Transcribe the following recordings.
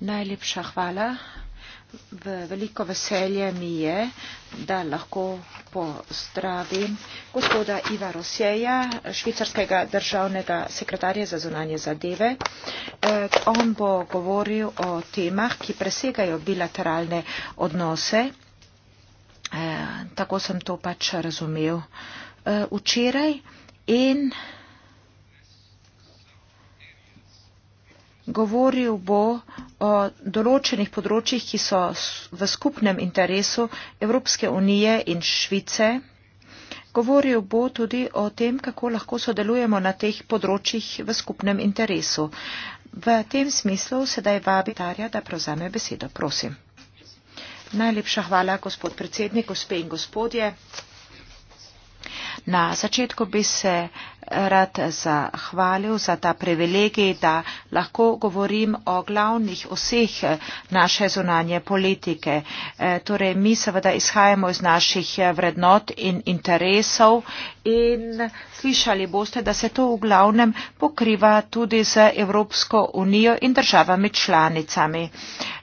najlepša hvala v veliko veselje mi je da lahko pozdravim gospoda iva rosjeja švicarskega državnega sekretarja za zunanje zadeve e, on bo govoril o temah ki presegajo bilateralne odnose e, tako sem to pač razumel e, včeraj in govoril bo o določenih področjih, ki so v skupnem interesu Evropske unije in Švice. Govoril bo tudi o tem, kako lahko sodelujemo na teh področjih v skupnem interesu. V tem smislu sedaj vabi Tarja, da prevzame besedo. Prosim. Najlepša hvala, gospod predsednik, gospe in gospodje. Na začetku bi se rad zahvalil za ta privilegij, da lahko govorim o glavnih vseh naše zunanje politike. E, torej, mi seveda izhajamo iz naših vrednot in interesov in slišali boste, da se to v glavnem pokriva tudi z Evropsko unijo in državami članicami.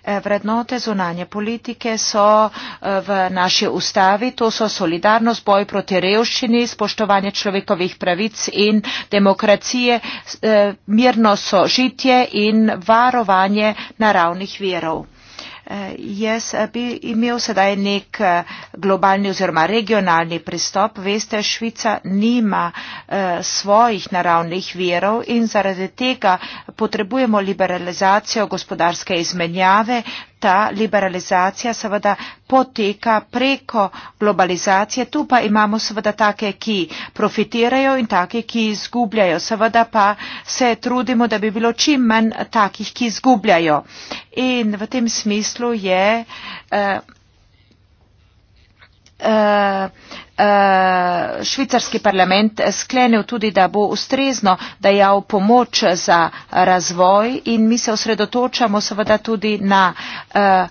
Eh, vrednote zunanje politike so eh, v naši ustavi, to so solidarnost, boj proti revščini, spoštovanje človekovih pravic in demokracije, eh, mirno sožitje in varovanje naravnih verov. Jaz eh, bi imel sedaj nek eh, globalni oziroma regionalni pristop. Veste, Švica nima eh, svojih naravnih virov in zaradi tega potrebujemo liberalizacijo gospodarske izmenjave, ta liberalizacija seveda poteka preko globalizacije. Tu pa imamo seveda take, ki profitirajo in take, ki izgubljajo. Seveda pa se trudimo, da bi bilo čim manj takih, ki izgubljajo. In v tem smislu je. Eh, Eh, eh, švicarski parlament sklenil tudi, da bo ustrezno dajal pomoč za razvoj in mi se osredotočamo seveda tudi na eh,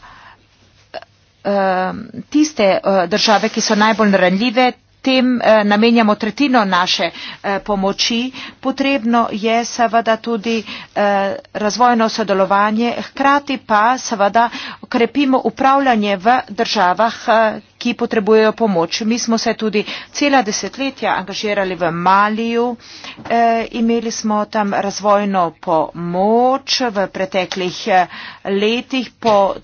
tiste države, ki so najbolj ranljive, tem eh, namenjamo tretjino naše eh, pomoči. Potrebno je seveda tudi eh, razvojno sodelovanje, hkrati pa seveda krepimo upravljanje v državah, ki potrebujejo pomoč. Mi smo se tudi cela desetletja angažirali v Maliju, e, imeli smo tam razvojno pomoč v preteklih letih, po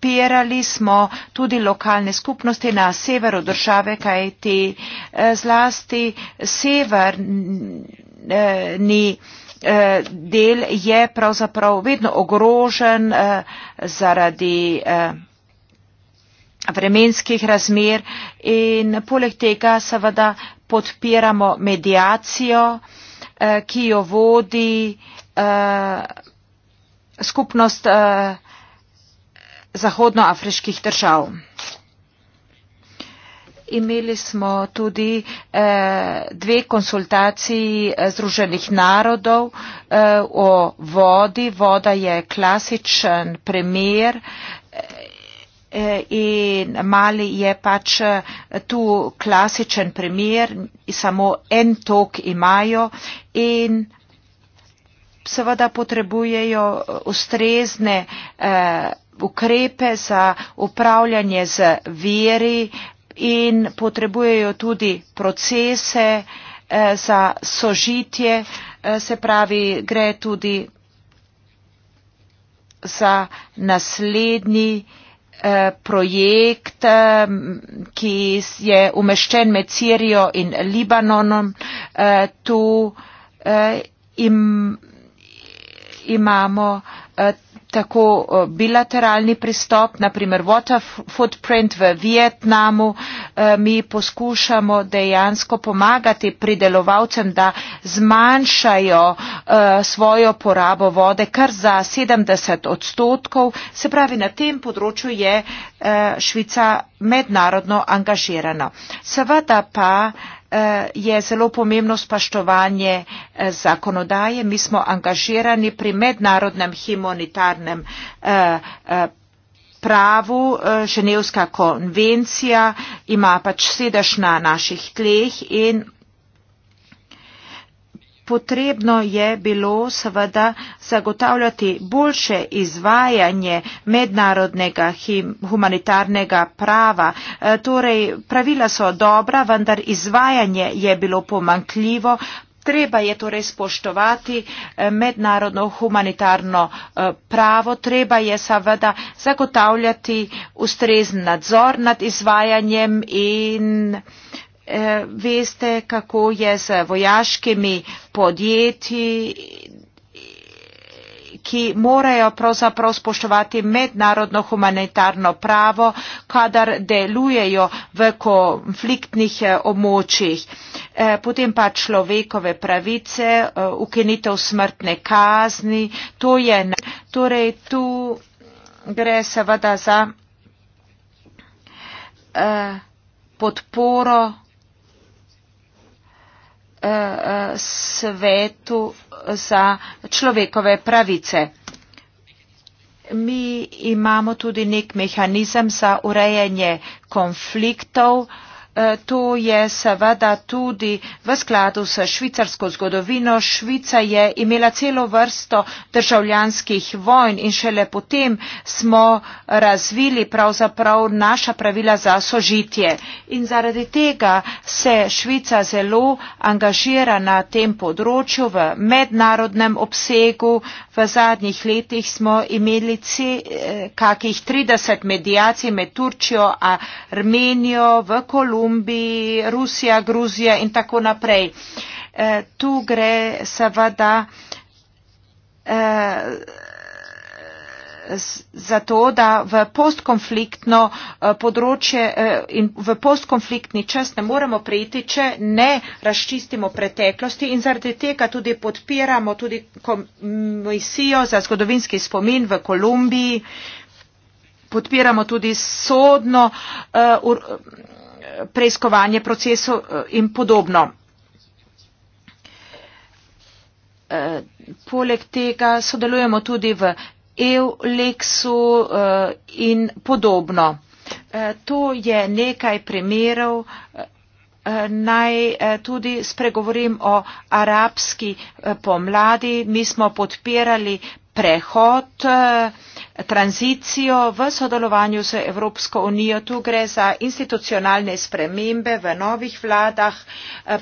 podpirali smo tudi lokalne skupnosti na severu države, kaj ti eh, zlasti severni eh, del je pravzaprav vedno ogrožen eh, zaradi vremenskih razmer in poleg tega seveda podpiramo medijacijo, ki jo vodi skupnost zahodnoafriških držav. Imeli smo tudi eh, dve konsultaciji eh, Združenih narodov eh, o vodi. Voda je klasičen primer eh, in Mali je pač eh, tu klasičen primer, samo en tok imajo in seveda potrebujejo ustrezne. Eh, ukrepe za upravljanje z veri in potrebujejo tudi procese eh, za sožitje, eh, se pravi, gre tudi za naslednji eh, projekt, ki je umeščen med Sirijo in Libanonom. Tu imamo tako eh, bilateralni pristop, naprimer Water Footprint v Vietnamu, eh, mi poskušamo dejansko pomagati pridelovalcem, da zmanjšajo eh, svojo porabo vode kar za 70 odstotkov. Se pravi, na tem področju je Švica mednarodno angažirana. Seveda pa Eh, je zelo pomembno spoštovanje eh, zakonodaje. Mi smo angažirani pri mednarodnem humanitarnem eh, pravu. Ženevska konvencija ima pač sedež na naših tleh in potrebno je bilo seveda zagotavljati boljše izvajanje mednarodnega humanitarnega prava. E, torej, pravila so dobra, vendar izvajanje je bilo pomankljivo. Treba je torej spoštovati e, mednarodno humanitarno e, pravo, treba je seveda zagotavljati ustrezen nadzor nad izvajanjem in Eh, veste, kako je z vojaškimi podjetji, ki morajo pravzaprav spoštovati mednarodno humanitarno pravo, kadar delujejo v konfliktnih eh, območjih. Eh, potem pa človekove pravice, ukinitev smrtne kazni. To je, torej tu gre seveda za podporo Eh, eh, svetu za človekove pravice. Mi imamo tudi nek mehanizem za urejanje konfliktov, E, to je seveda tudi v skladu s švicarsko zgodovino. Švica je imela celo vrsto državljanskih vojn in šele potem smo razvili pravzaprav naša pravila za sožitje. In zaradi tega se Švica zelo angažira na tem področju v mednarodnem obsegu, zadnjih letih smo imeli ce, eh, kakih 30 medijacij med Turčjo, Armenijo, v Kolumbiji, Rusija, Gruzija in tako naprej. Eh, tu gre seveda eh, zato, da v postkonfliktno eh, področje eh, in v postkonfliktni čas ne moremo prejiti, če ne razčistimo preteklosti in zaradi tega tudi podpiramo tudi komisijo za zgodovinski spomin v Kolumbiji, podpiramo tudi sodno eh, preiskovanje procesov in podobno. Poleg tega sodelujemo tudi v EU, Lexu eh, in podobno. Eh, to je nekaj primerov. Eh, naj tudi spregovorim o arabski pomladi. Mi smo podpirali prehod, tranzicijo v sodelovanju z Evropsko unijo. Tu gre za institucionalne spremembe v novih vladah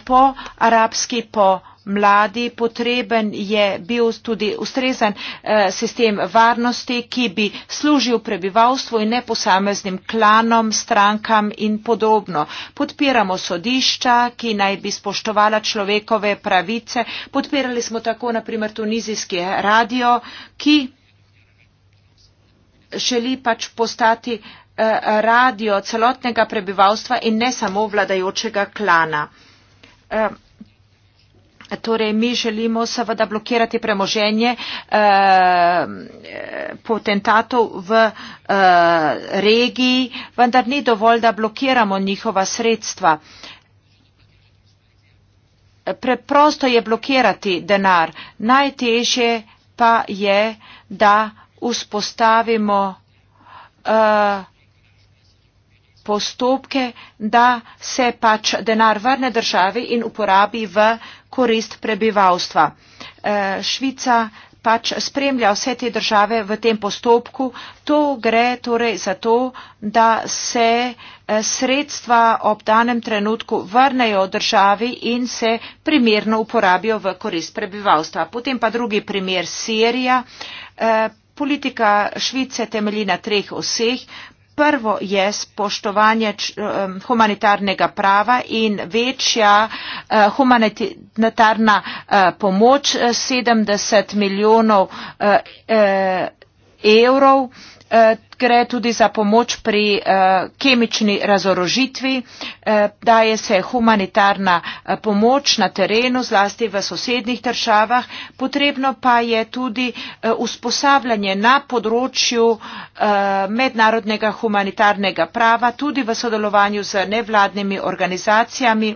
po arabski pomladi mladi potreben je bil tudi ustrezen eh, sistem varnosti ki bi služil prebivalstvu in ne posameznim klanom strankam in podobno podpiramo sodišča ki naj bi spoštovala človekove pravice podpirali smo tako na primer tunizijski radio ki želi pač postati eh, radio celotnega prebivalstva in ne samo vladajočega klana. Eh, Torej, mi želimo seveda blokirati premoženje eh, eh, potentatov v eh, regiji, vendar ni dovolj, da blokiramo njihova sredstva. Preprosto je blokirati denar. Najtežje pa je, da vzpostavimo uh, postopke, da se pač denar vrne državi in uporabi v korist prebivalstva. Eh, Švica pač spremlja vse te države v tem postopku. To gre torej za to, da se eh, sredstva ob danem trenutku vrnejo državi in se primerno uporabijo v korist prebivalstva. Potem pa drugi primer, Sirija. Eh, Politika Švice temelji na treh oseh prvo je spoštovanje humanitarnega prava in večja eh, humanitarna eh, pomoč 70 eh, milijonov evrov gre tudi za pomoč pri uh, kemični razorožitvi, uh, daje se humanitarna eh, pomoč na terenu, zlasti v sosednjih državah, potrebno pa je tudi uh, usposabljanje na področju uh, mednarodnega humanitarnega prava, tudi v sodelovanju z nevladnimi organizacijami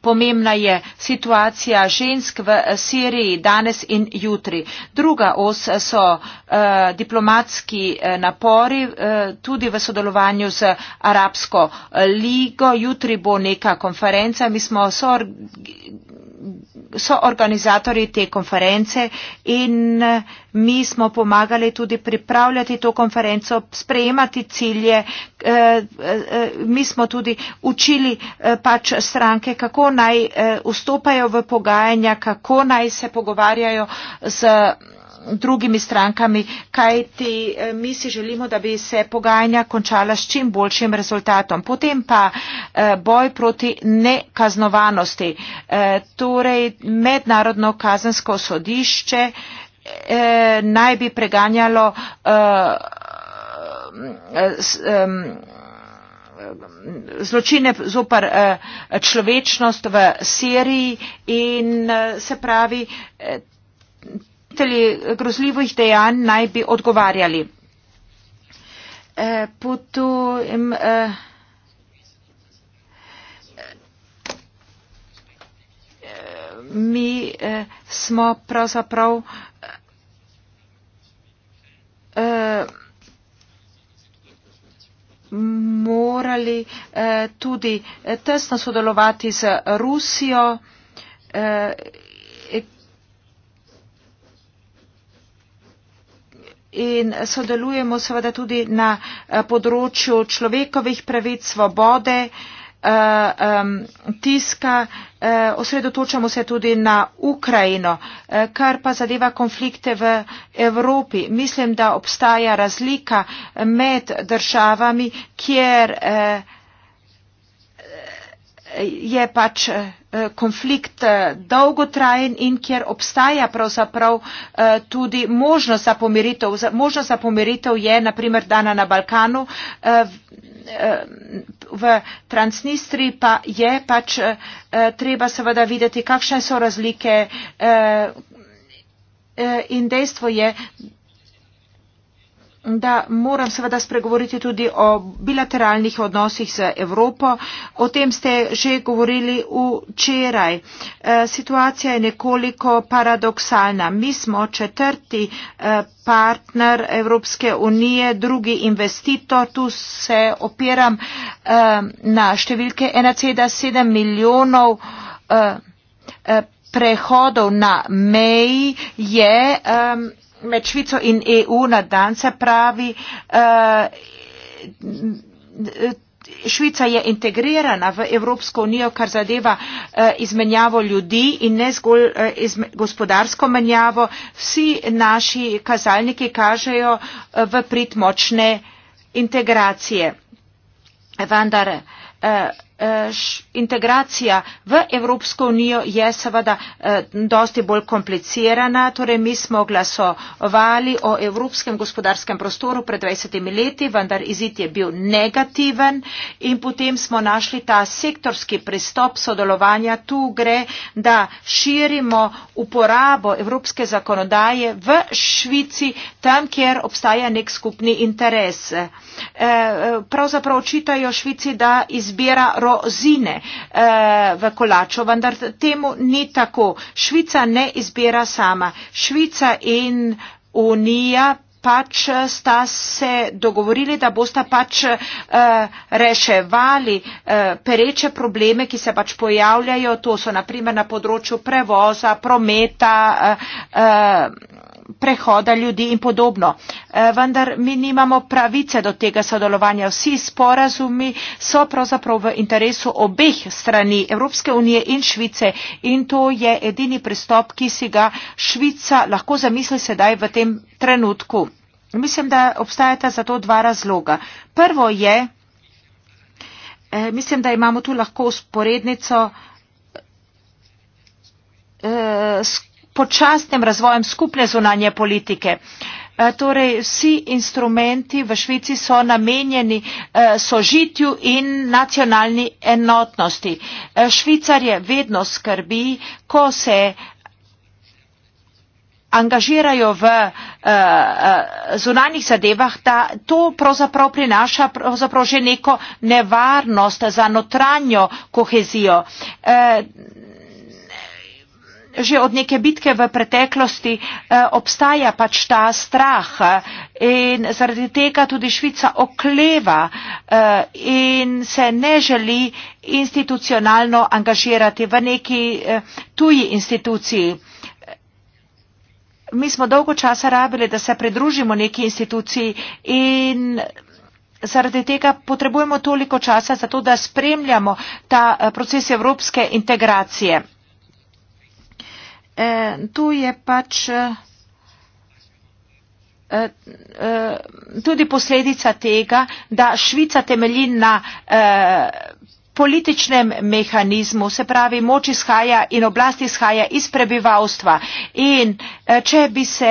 Pomembna je situacija žensk v eh, Siriji danes in jutri. Druga os eh, so eh, diplomatski eh, napori eh, tudi v sodelovanju z Arabsko eh, ligo. Jutri bo neka konferenca. Mi smo soorganizirali so organizatori te konference in eh, mi smo pomagali tudi pripravljati to konferenco, sprejemati cilje. Eh, eh, mi smo tudi učili pač stranke, kako naj vstopajo v pogajanja, kako naj se pogovarjajo z drugimi strankami, kaj ti eh, mi si želimo, da bi se pogajanja končala s čim boljšim rezultatom. Potem pa eh, boj proti nekaznovanosti, eh, torej mednarodno kazansko sodišče naj bi preganjalo zločine zopar človečnost v Siriji in se pravi, počinitelji grozljivih dejanj naj bi odgovarjali. Eh, potem, eh, mi eh, smo pravzaprav morali tudi tesno sodelovati z Rusijo in sodelujemo seveda tudi na eh, področju človekovih pravic, svobode, eh, tiska. Eh, osredotočamo se tudi na Ukrajino, kar pa zadeva konflikte v Evropi. Mislim, da obstaja razlika med državami, kjer je pač eh, konflikt eh, dolgotrajen in kjer obstaja pravzaprav eh, tudi možnost za pomiritev. Možnost za pomiritev je naprimer dana na Balkanu, v Transnistri pa je pač treba seveda videti, kakšne so razlike in dejstvo je, da moram seveda spregovoriti tudi o bilateralnih odnosih z Evropo. O tem ste že govorili včeraj. E, situacija je nekoliko paradoksalna. Mi smo četrti e, partner Evropske unije, drugi investitor. Tu se opiram e, na številke 1,7 milijonov. E, e, prehodov na meji je. E, med Švico in EU na dan se pravi. Eh, Švica je integrirana v Evropsko unijo, kar zadeva eh, izmenjavo ljudi in ne zgolj eh, gospodarsko menjavo. Vsi naši kazalniki kažejo v prid močne integracije. Vendar, Eh, integracija v Evropsko unijo je seveda eh, dosti bolj komplicirana. Torej, mi smo glasovali o Evropskem gospodarskem prostoru pred 20 leti, vendar izid je bil negativen in potem smo našli ta sektorski pristop sodelovanja. Tu gre, da širimo uporabo Evropske zakonodaje v Švici, tam, kjer obstaja nek skupni interes. Eh, pravzaprav očitajo Švici, da izbira rozine eh, v kolačo, vendar temu ni tako. Švica ne izbira sama. Švica in Unija pač sta se dogovorili, da bosta pač eh, reševali eh, pereče probleme, ki se pač pojavljajo. To so naprimer na področju prevoza, prometa prehoda ljudi in podobno. E, vendar mi nimamo pravice do tega sodelovanja. Vsi sporazumi so pravzaprav v interesu obeh strani Evropske unije in Švice in to je edini pristop, ki si ga Švica lahko zamisli sedaj v tem trenutku. Mislim, da obstajata za to dva razloga. Prvo je, e, mislim, da imamo tu lahko usporednico e, počasnem razvojem skupne zunanje politike. E, torej, vsi instrumenti v Švici so namenjeni e, sožitju in nacionalni enotnosti. E, Švicar je vedno skrbi, ko se angažirajo v zunanjih zadevah, da to pravzaprav prinaša pravzaprav že neko nevarnost za notranjo kohezijo že od neke bitke v preteklosti eh, obstaja pač ta strah eh, in zaradi tega tudi Švica okleva eh, in se ne želi institucionalno angažirati v neki tuji instituciji. Mi smo dolgo časa rabili, da se pridružimo neki instituciji in zaradi tega potrebujemo toliko časa, zato da spremljamo ta proces evropske integracije. Eh, tu je pač eh, eh, tudi posledica tega, da Švica temelji na političnem mehanizmu, se pravi, moč izhaja in oblast izhaja iz prebivalstva. In če bi se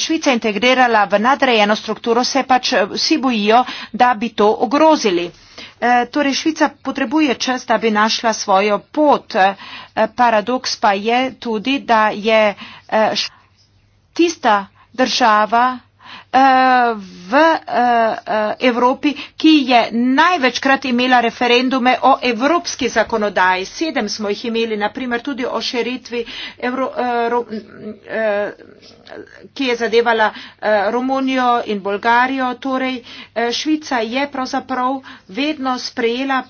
Švica integrirala v nadrejeno strukturo, se pač vsi bojijo, da bi to ogrozili. E, torej, Švica potrebuje čas, da bi našla svojo pot. E, paradoks pa je tudi, da je e, tista država, v eh, Evropi, ki je največkrat imela referendume o evropski zakonodaji. Sedem smo jih imeli, naprimer tudi o širitvi, eh, eh, ki je zadevala Romunijo in Bolgarijo. Torej, Švica je pravzaprav vedno sprejela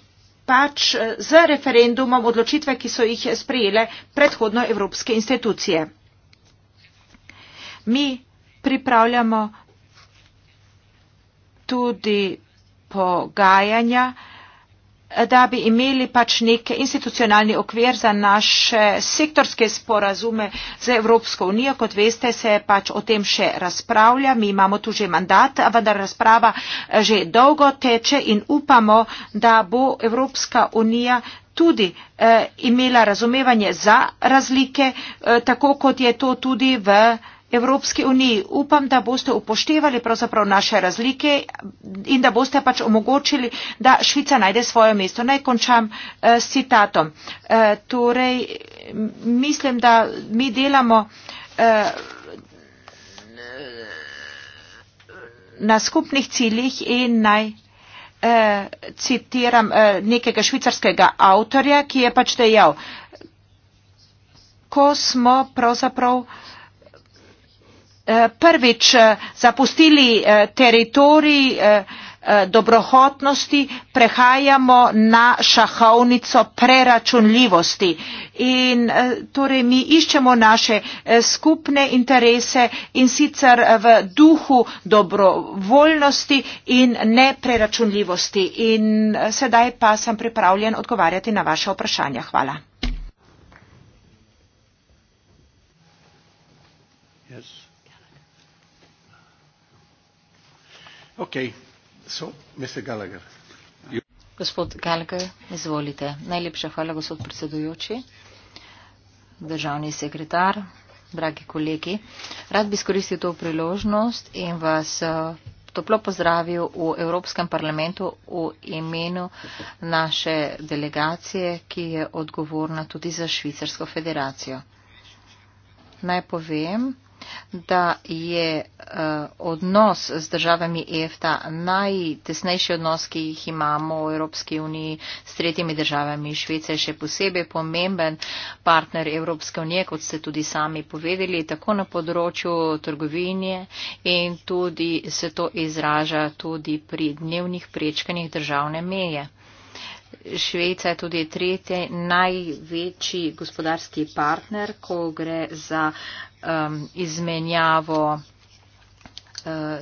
pač z referendumom odločitve, ki so jih sprejele predhodno evropske institucije. Mi pripravljamo tudi pogajanja, da bi imeli pač nek institucionalni okvir za naše sektorske sporazume z Evropsko unijo. Kot veste, se pač o tem še razpravlja. Mi imamo tu že mandat, a vendar razprava eh, že dolgo teče in upamo, da bo Evropska unija tudi eh, imela razumevanje za razlike, eh, tako kot je to tudi v. Eh, Evropski uniji. Upam, da boste upoštevali pravzaprav naše razlike in da boste pač omogočili, da Švica najde svoje mesto. Naj končam eh, s citatom. Eh, torej, mislim, da mi delamo eh, na skupnih ciljih in naj citiram nekega švicarskega avtorja, ki je pač dejal, ko smo pravzaprav Eh, prvič eh, zapustili eh, teritorij dobrohotnosti, prehajamo na šahovnico preračunljivosti. In torej mi iščemo naše skupne interese in sicer v duhu dobrovoljnosti in nepreračunljivosti. In sedaj pa sem pripravljen odgovarjati na vaše vprašanje. Hvala. Gospod Gallagher, izvolite. Najlepša hvala, gospod predsedujoči, državni sekretar, dragi kolegi. Rad bi skoristil to priložnost in vas eh, toplo pozdravil v Evropskem parlamentu v imenu naše delegacije, ki je odgovorna tudi za Švicarsko federacijo. Naj povem, da je eh, odnos z državami EFTA najtesnejši odnos, ki jih imamo v Evropski uniji s tretjimi državami. Švica je še posebej pomemben partner Evropske unije, kot ste tudi sami povedali, tako na področju trgovinje in tudi se to izraža tudi pri dnevnih prečkanjih državne meje. Švica je tudi tretji največji gospodarski partner, ko gre za uh, um, izmenjavo uh,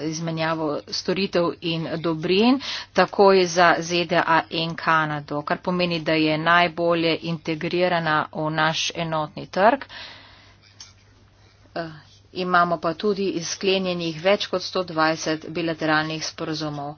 izmenjavo storitev in dobrin, tako je za ZDA in Kanado, kar pomeni, da je najbolje integrirana v naš enotni trg. Uh, imamo pa tudi izklenjenih več kot 120 bilateralnih sporozumov.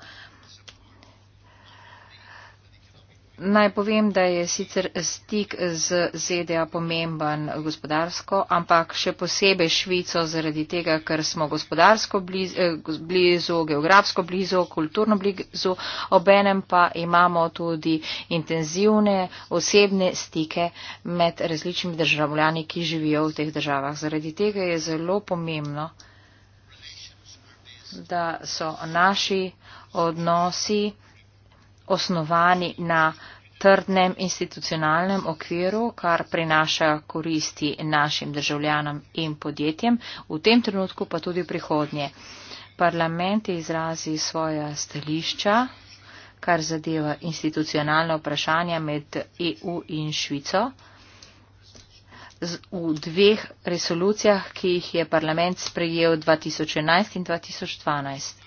Naj povem, da je sicer stik z ZDA pomemben gospodarsko, ampak še posebej Švico zaradi tega, ker smo gospodarsko blizu, eh, blizu geografsko blizu, kulturno blizu, obenem pa imamo tudi intenzivne osebne stike med različnimi državljani, ki živijo v teh državah. Zaradi tega je zelo pomembno, da so naši odnosi osnovani na trdnem institucionalnem okviru, kar prinaša koristi našim državljanom in podjetjem, v tem trenutku pa tudi v prihodnje. Parlament je izrazi svoja stališča, kar zadeva institucionalna vprašanja med EU in Švico. V dveh resolucijah, ki jih je parlament sprejel 2011 in 2012.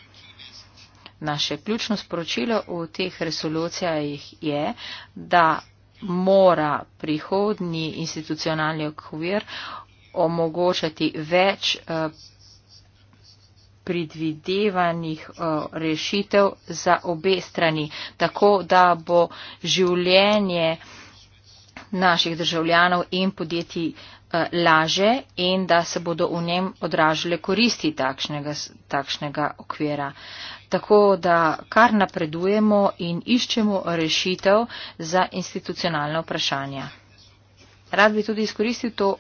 Naše ključno sporočilo v teh resolucijah je, da mora prihodni institucionalni okvir omogočati več eh, predvidevanih eh, rešitev za obe strani, tako da bo življenje naših državljanov in podjetij Eh, laže in da se bodo v njem odražile koristi takšnega, takšnega okvira. Tako da kar napredujemo in iščemo rešitev za institucionalna vprašanja. Rad bi tudi izkoristil to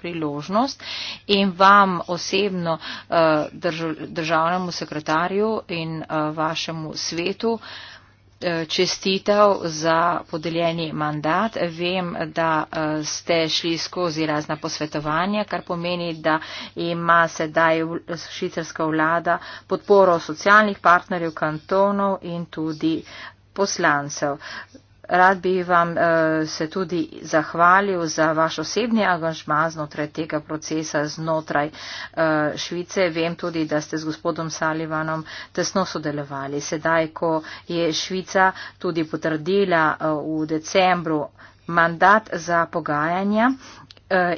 priložnost in vam osebno, eh, državnemu sekretarju in eh, vašemu svetu, Eh, čestital za podeljeni mandat. Vem, da eh, ste šli skozi razna posvetovanja, kar pomeni, da ima sedaj švicarska vlada podporo socialnih partnerjev, kantonov in tudi poslancev. Rad bi vam eh, se tudi zahvalil za vaš osebni angažma znotraj tega procesa, znotraj eh, Švice. Vem tudi, da ste z gospodom Salivanom tesno sodelovali. Sedaj, ko je Švica tudi potrdila eh, v decembru mandat za pogajanja.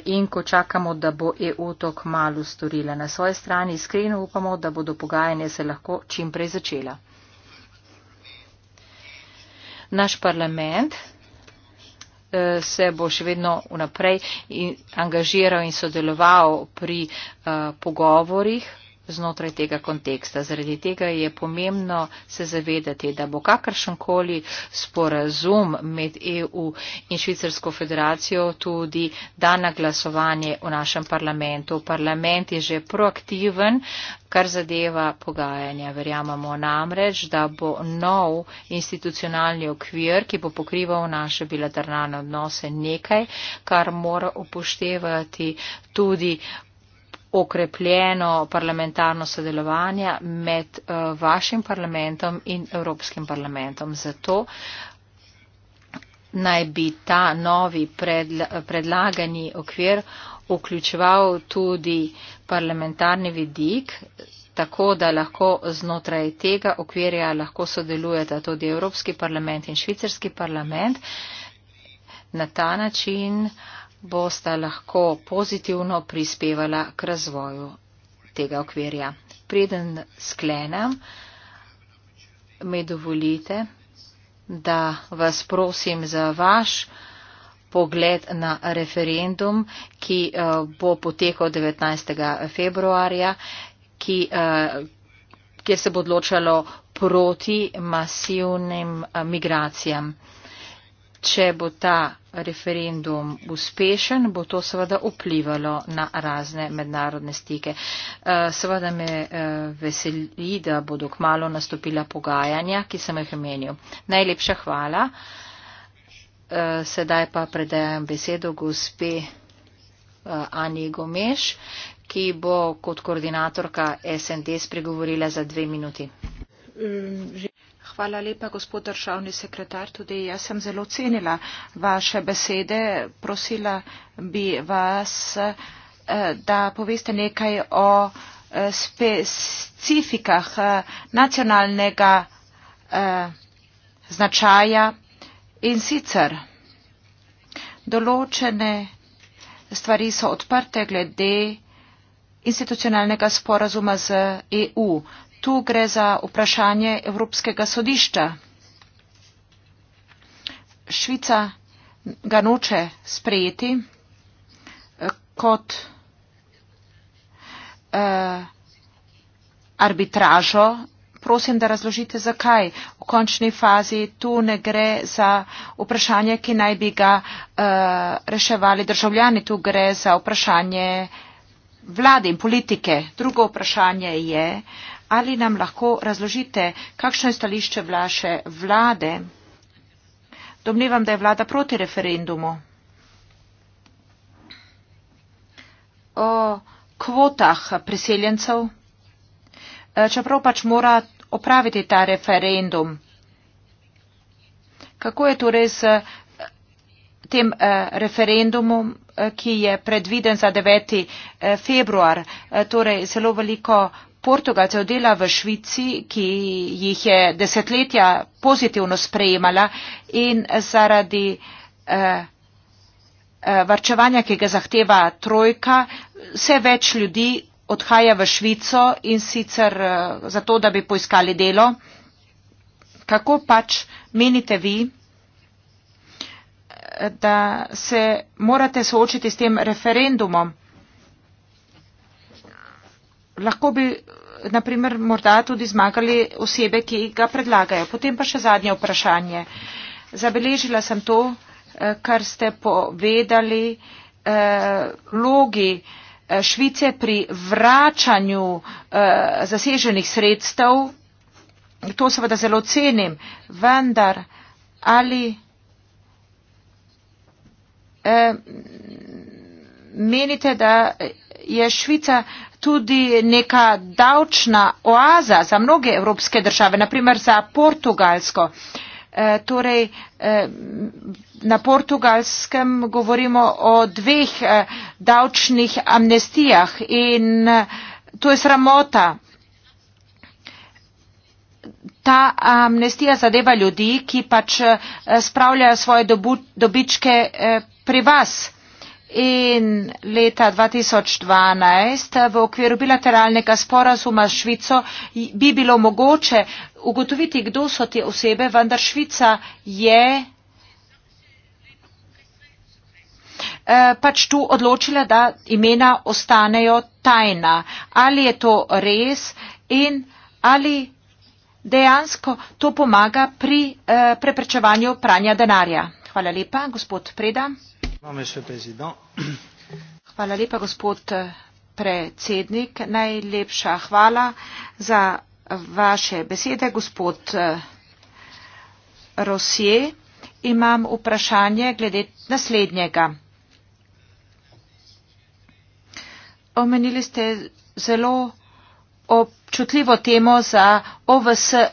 In ko čakamo, da bo EU to kmalo storila na svoji strani, iskreno upamo, da bodo pogajanja se lahko čim prej začela. Naš parlament eh, se bo še vedno vnaprej angažiral in sodeloval pri eh, pogovorih znotraj tega konteksta. Zaradi tega je pomembno se zavedati, da bo kakršenkoli sporazum med EU in Švicarsko federacijo tudi dana glasovanje v našem parlamentu. Parlament je že proaktiven, kar zadeva pogajanja. Verjamemo namreč, da bo nov institucionalni okvir, ki bo pokrival naše bilateralne odnose, nekaj, kar mora upoštevati tudi okrepljeno parlamentarno sodelovanje med eh, vašim parlamentom in Evropskim parlamentom. Zato naj bi ta novi predlagani okvir vključeval tudi parlamentarni vidik, tako da lahko znotraj tega okvirja lahko sodelujeta tudi Evropski parlament in Švicarski parlament. Na ta način uh, bosta lahko pozitivno prispevala k razvoju tega okvirja. Preden sklenem, me dovolite, da vas prosim za vaš pogled na referendum, ki eh, bo potekal 19. februarja, ki, eh, kjer se bo odločalo proti masivnim eh, migracijam. Če bo ta referendum uspešen, bo to seveda vplivalo na razne mednarodne stike. Eh, seveda me eh, veseli, da bodo kmalo nastopila pogajanja, ki sem jih imenil. Najlepša hvala. Eh, sedaj pa predajam besedo gospe Ani Gomeš, ki bo kot koordinatorka SND spregovorila za dve minuti. Hvala lepa, gospod državni sekretar. Tudi jaz sem zelo cenila vaše besede. Prosila bi vas, eh, da poveste nekaj o eh, specifikah eh, nacionalnega značaja in sicer določene stvari so odprte glede institucionalnega sporazuma z EU tu gre za vprašanje Evropskega sodišča. Švica ga noče sprejeti eh, kot uh, arbitražo. Prosim, da razložite, zakaj v končni fazi tu ne gre za vprašanje, ki naj bi ga uh, reševali državljani. Tu gre za vprašanje vlade in politike. Drugo vprašanje je, uh, Ali nam lahko razložite, kakšno je stališče vlaše vlade? Domnevam, da je vlada proti referendumu. O kvotah priseljencev, eh, čeprav pač mora opraviti ta referendum. Kako je torej s eh, tem eh, referendumom, ki je predviden za 9. februar? Torej, zelo veliko Portugalcev dela v Švici, ki jih je desetletja pozitivno sprejemala in zaradi eh, eh, varčevanja, ki ga zahteva trojka, vse več ljudi odhaja v Švico in sicer eh, zato, da bi poiskali delo. Kako pač menite vi, da se morate soočiti s tem referendumom? lahko bi naprimer morda tudi zmagali osebe, ki ga predlagajo. Potem pa še zadnje vprašanje. Zabeležila sem to, eh, kar ste povedali, eh, vlogi eh, Švice pri vračanju zaseženih sredstev. To seveda zelo cenim, vendar ali menite, da je Švica tudi neka davčna oaza za mnoge evropske države, naprimer za Portugalsko. E, torej, e, na portugalskem govorimo o dveh e, davčnih amnestijah in e, to je sramota. Ta amnestija zadeva ljudi, ki pač e, spravljajo svoje dobu, dobičke e, pri vas in leta 2012 v okviru bilateralnega sporazuma s Švico bi bilo mogoče ugotoviti, kdo so te osebe, vendar Švica je eh, pač tu odločila, da imena ostanejo tajna. Ali je to res in ali dejansko to pomaga pri eh, preprečevanju pranja denarja? Hvala lepa, gospod Preda. Hvala lepa, gospod predsednik. Najlepša hvala za vaše besede, gospod Rosje. Imam vprašanje glede naslednjega. Omenili ste zelo občutljivo temo za OVSE,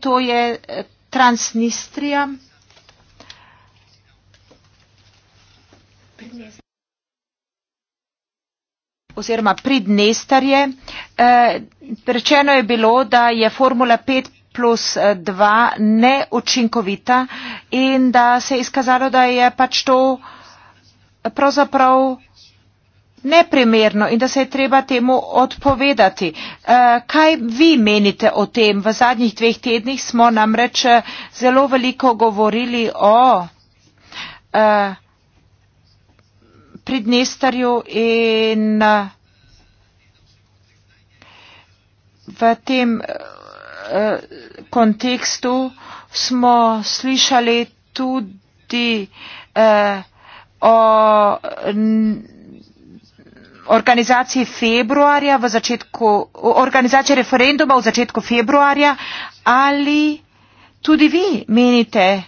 to je eh, Transnistrija. oziroma pridnestarje. Eh, rečeno je bilo, da je formula 5 plus 2 eh, neučinkovita in da se je izkazalo, da je pač to pravzaprav neprimerno in da se je treba temu odpovedati. Eh, kaj vi menite o tem? V zadnjih dveh tednih smo namreč zelo veliko govorili o Pridnestarju in eh, v tem eh, kontekstu smo slišali tudi eh, o organizaciji februarja v začetku, organizacije referenduma v začetku februarja, ali tudi vi menite,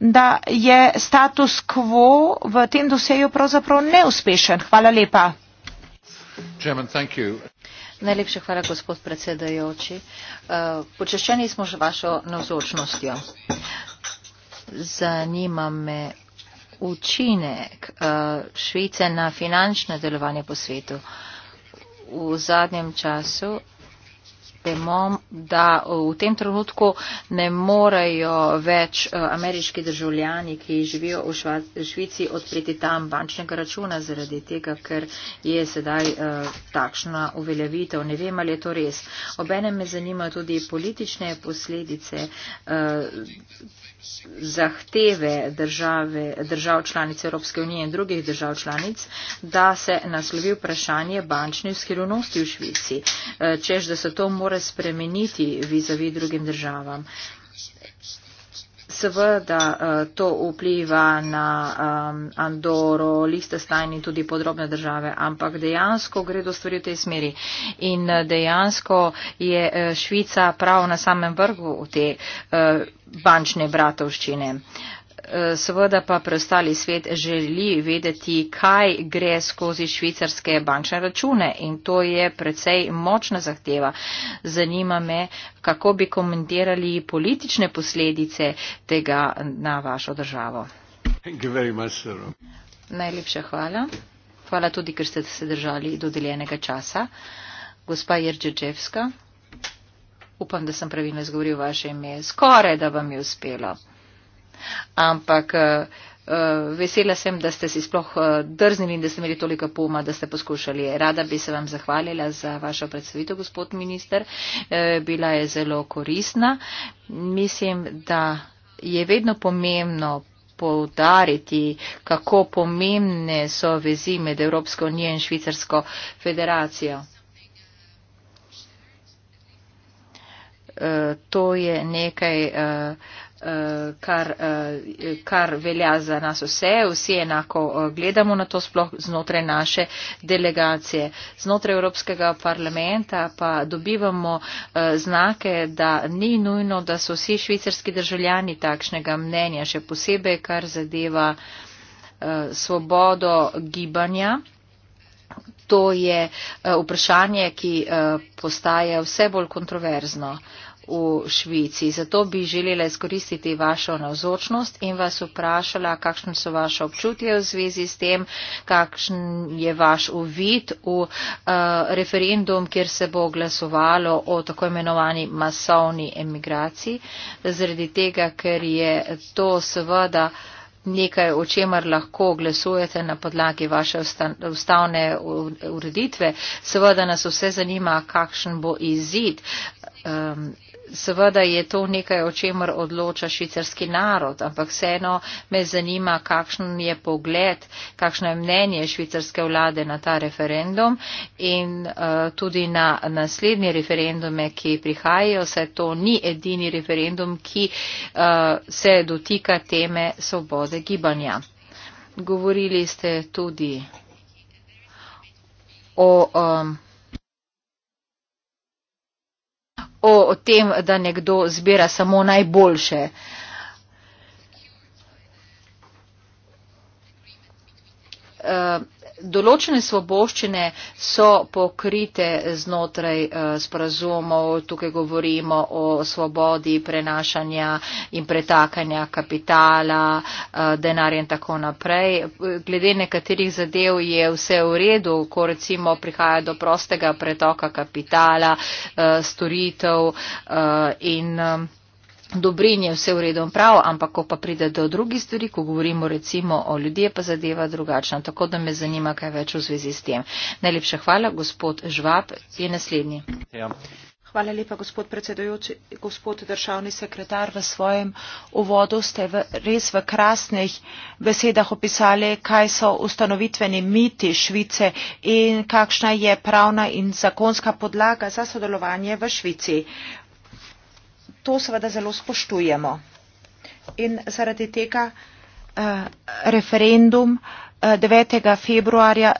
da je status quo v tem doseju pravzaprav neuspešen. Hvala lepa. German, Najlepša hvala, gospod predsedajoči. Uh, počaščeni smo že vašo navzočnostjo. Zanima me učinek uh, Švice na finančno delovanje po svetu. V zadnjem času vemo, da v tem trenutku ne morejo več eh, ameriški državljani, ki živijo v Švici, odpreti tam bančnega računa zaradi tega, ker je sedaj eh, takšna uveljavitev. Ne vem, ali je to res. Obene me zanima tudi politične posledice eh, zahteve države, držav članic Evropske unije in drugih držav članic, da se naslovi vprašanje bančne skrivnosti v Švici, eh, čež da se to mora spremeniti vizavi drugim državam seveda eh, to vpliva na Andoro, Lihtenstein in tudi podrobne države, ampak dejansko gre do stvari v tej smeri. In eh, dejansko je eh, Švica prav na samem vrhu te bančne bratovščine seveda pa preostali svet želi vedeti, kaj gre skozi švicarske bančne račune in to je precej močna zahteva. Zanima me, kako bi komentirali politične posledice tega na vašo državo. Najlepša hvala. Hvala tudi, ker ste se držali dodeljenega časa. Gospa Jerđeđevska, upam, da sem pravilno izgovoril vaše ime. Skoraj, da vam je uspelo ampak eh, eh, vesela sem, da ste si sploh eh, drznili in da ste imeli toliko poma, da ste poskušali. Rada bi se vam zahvalila za vašo predstavitev, gospod minister. Bila je zelo korisna. Mislim, da je vedno pomembno povdariti, kako pomembne so vezi med Evropsko unijo in Švicarsko federacijo. To je nekaj, Eh, kar, eh, kar velja za nas vse. Vsi enako eh, gledamo na to sploh znotraj naše delegacije. Znotraj Evropskega parlamenta pa dobivamo znake, da ni nujno, da so vsi švicarski državljani takšnega mnenja, še posebej, kar zadeva svobodo gibanja. To je vprašanje, ki postaje vse bolj kontroverzno v Švici. Zato bi želela izkoristiti vašo navzočnost in vas vprašala, kakšne so vaše občutje v zvezi s tem, kakšen je vaš uvid v uh, referendum, kjer se bo glasovalo o tako imenovani masovni emigraciji, zaradi tega, ker je to seveda nekaj, o čemer lahko glasujete na podlagi vaše ustavne ureditve. Seveda nas vse zanima, kakšen bo izid um, Seveda je to nekaj, o čemer odloča švicarski narod, ampak vseeno me zanima, kakšen je pogled, kakšno je mnenje švicarske vlade na ta referendum in uh, tudi na naslednje referendume, ki prihajajo. Se to ni edini referendum, ki uh, se dotika teme svobode gibanja. Govorili ste tudi o. Um, o, o tem, da nekdo zbira samo najboljše. Uh, določene svoboščine so pokrite znotraj eh, sporazumov. Tukaj govorimo o svobodi prenašanja in pretakanja kapitala, eh, denarja in tako naprej. Glede nekaterih zadev je vse v redu, ko recimo prihaja do prostega pretoka kapitala, eh, storitev in dobrin je vse v redu in prav, ampak ko pa pride do drugih stvari, ko govorimo recimo o ljudje, pa zadeva drugačna. Tako da me zanima kaj več v zvezi s tem. Najlepša hvala, gospod Žvab je naslednji. Ja. Hvala lepa, gospod predsedojoči, gospod državni sekretar. V svojem uvodu ste v, res v krasnih besedah opisali, kaj so ustanovitveni miti Švice in kakšna je pravna in zakonska podlaga za sodelovanje v Švici to seveda zelo spoštujemo. In zaradi tega uh, referendum uh, eh, 9. februarja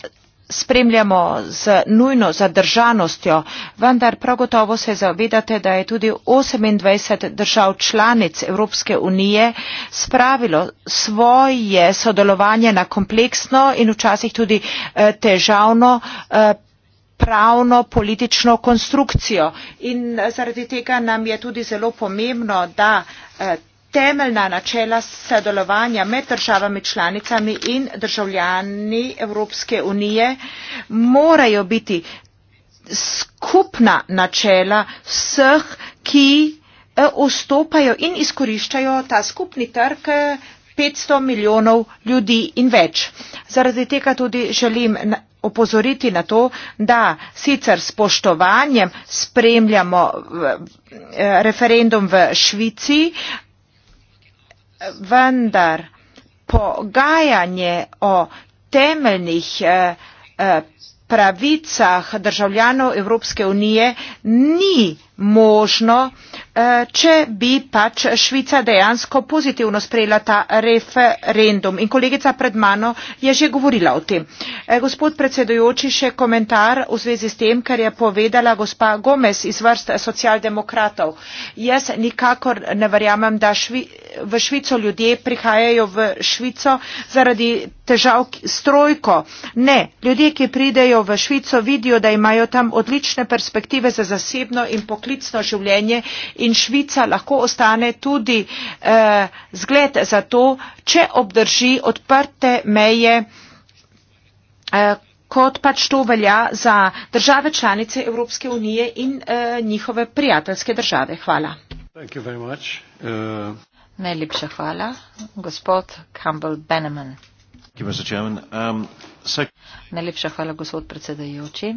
spremljamo z nujno zadržanostjo, vendar prav gotovo se zavedate, da je tudi 28 držav članic Evropske unije spravilo svoje sodelovanje na kompleksno in včasih tudi eh, težavno pravno politično konstrukcijo in eh, zaradi tega nam je tudi zelo pomembno da eh, temeljna načela sodelovanja med državami članicami in državljani evropske unije morajo biti skupna načela vseh ki eh, vstopajo in izkoriščajo ta skupni trg 500 milijonov ljudi in več. Zaradi tega tudi želim opozoriti na to da sicer s spoštovanjem spremljamo eh, referendum v švici vendar pogajanje o temeljnih eh, eh, pravicah državljanov evropske unije ni možno Eh, če bi pač švica dejansko pozitivno sprejela ta referendum in kolegica pred mano je že govorila o tem. Eh, gospod predsedujoči še komentar v zvezi s tem kar je povedala gospa gomez iz vrst socialdemokratov jaz nikakor ne verjamem da v švico ljudje prihajajo v švico zaradi težav s trojko ne ljudje ki pridejo v švico vidijo da imajo tam odlične perspektive za zasebno in poklicno življenje in in Švica lahko ostane tudi eh, zgled za to, če obdrži odprte meje, eh, kot pač to velja za države članice Evropske unije in eh, njihove prijateljske države. Hvala. Uh... Najlepša hvala, gospod Campbell Beneman. Um, Najlepša hvala, gospod predsedajoči.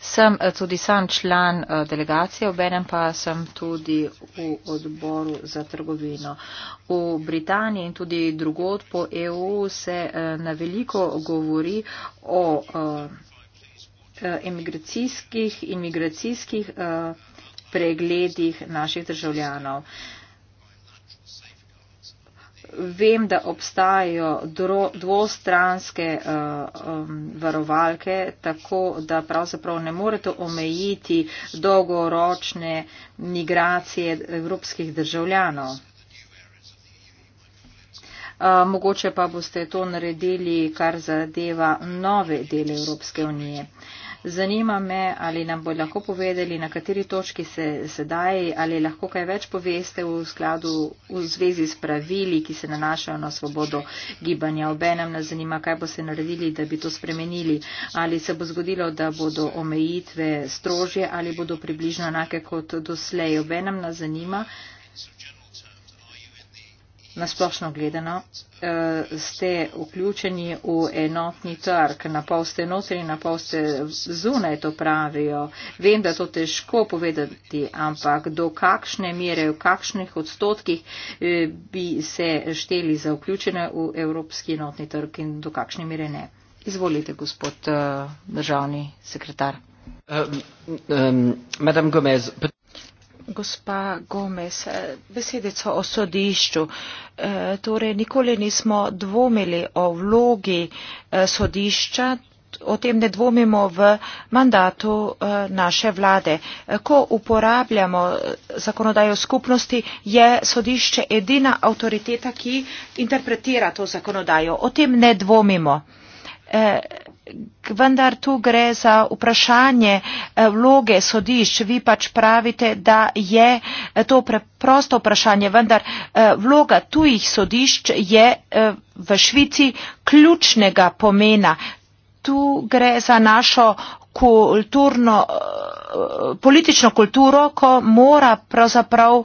Sem eh, tudi sam član eh, delegacije, obenem pa sem tudi v odboru za trgovino. V Britaniji in tudi drugod po EU se eh, na veliko govori o emigracijskih, imigracijskih pregledih naših državljanov vem, da obstajajo dro, dvostranske uh, um, varovalke, tako da pravzaprav ne morete omejiti dolgoročne migracije evropskih državljanov. Uh, mogoče pa boste to naredili, kar zadeva nove dele Evropske unije. Uh, Zanima me, ali nam bo lahko povedali, na kateri točki se sedaj, ali lahko kaj več poveste v skladu v zvezi s pravili, ki se nanašajo na svobodo gibanja. Obenem nas zanima, kaj bo se naredili, da bi to spremenili. Ali se bo zgodilo, da bodo omejitve strožje ali bodo približno enake kot doslej. Obenem nas zanima, nasplošno gledano, eh, ste vključeni v enotni trg, na pol ste notri, na pol ste zunaj, to pravijo. Vem, da to težko povedati, ampak do kakšne mere, v kakšnih odstotkih eh, bi se šteli za vključene v evropski enotni trg in do kakšne mere ne. Izvolite, gospod eh, državni sekretar. Um, um, Gospa Gomez, eh, besedico o sodišču. E, torej, nikoli nismo dvomili o vlogi e, sodišča, o tem ne dvomimo v mandatu e, naše vlade. E, ko uporabljamo zakonodajo skupnosti, je sodišče edina avtoriteta, ki interpretira to zakonodajo. O tem ne dvomimo. Eh, vendar tu gre za vprašanje eh, vloge sodišč. Vi pač pravite, da je eh, to preprosto vprašanje, vendar vloga tujih sodišč je v Švici ključnega pomena. Tu gre za našo kulturno, politično kulturo, ko mora pravzaprav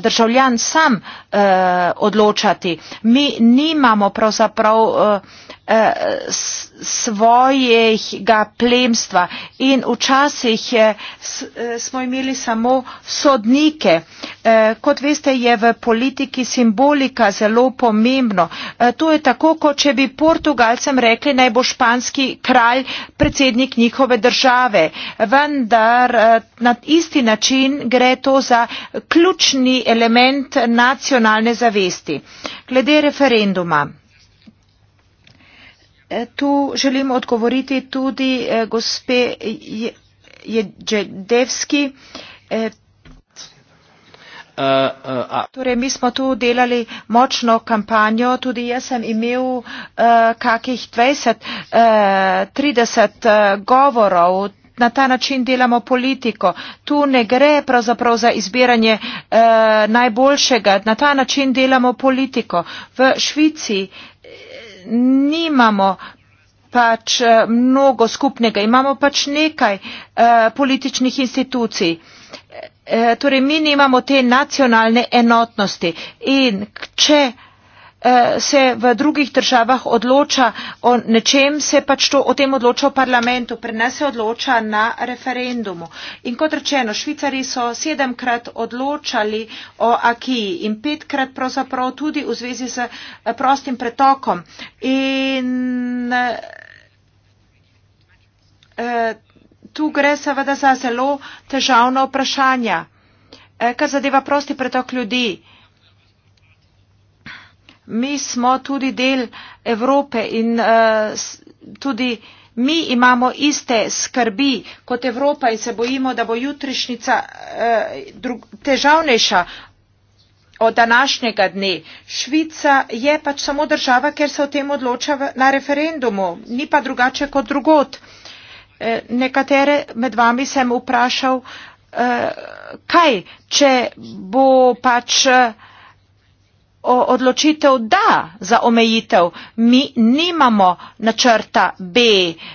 državljan sam Eh, odločati. Mi nimamo pravzaprav eh, eh, svojega plemstva in včasih je, smo imeli samo sodnike. Kot veste, je v politiki simbolika zelo pomembno. To je tako, kot če bi Portugalcem rekli, naj bo španski kralj predsednik njihove države. Vendar na isti način gre to za ključni element nacionalnosti nacionalne zavesti. Glede referenduma. E, tu želim odgovoriti tudi e, gospe Jedževski. E, uh, uh, torej, mi smo tu delali močno kampanjo, tudi jaz sem imel uh, kakih 20-30 uh, uh, govorov, na ta način delamo politiko. Tu ne gre pravzaprav za izbiranje eh, najboljšega, na ta način delamo politiko. V Švici eh, nimamo pač eh, mnogo skupnega, imamo pač nekaj eh, političnih institucij. Eh, torej, mi nimamo te nacionalne enotnosti in če Eh, se v drugih državah odloča o nečem, se pač to, o tem odloča v parlamentu, pri nas se odloča na referendumu. In kot rečeno, Švicari so sedemkrat odločali o Akiji in petkrat pravzaprav tudi v zvezi z eh, prostim pretokom. In eh, tu gre seveda za zelo težavna vprašanja, kar zadeva prosti pretok ljudi mi smo tudi del Evrope in uh, tudi mi imamo iste skrbi kot Evropa in se bojimo, da bo jutrišnica uh, eh, drug, težavnejša od današnjega dne. Švica je pač samo država, ker se o tem odloča na referendumu, ni pa drugače kot drugot. Eh, nekatere med vami sem vprašal, kaj, če bo pač odločitev da za omejitev. Mi nimamo načrta B.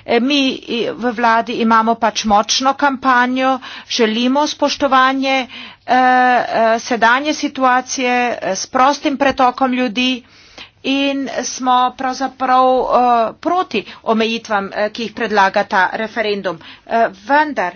E, mi e, v vladi imamo pač močno kampanjo, želimo spoštovanje e, sedanje situacije s prostim pretokom ljudi in smo pravzaprav proti omejitvam, ki jih predlaga ta referendum. Vendar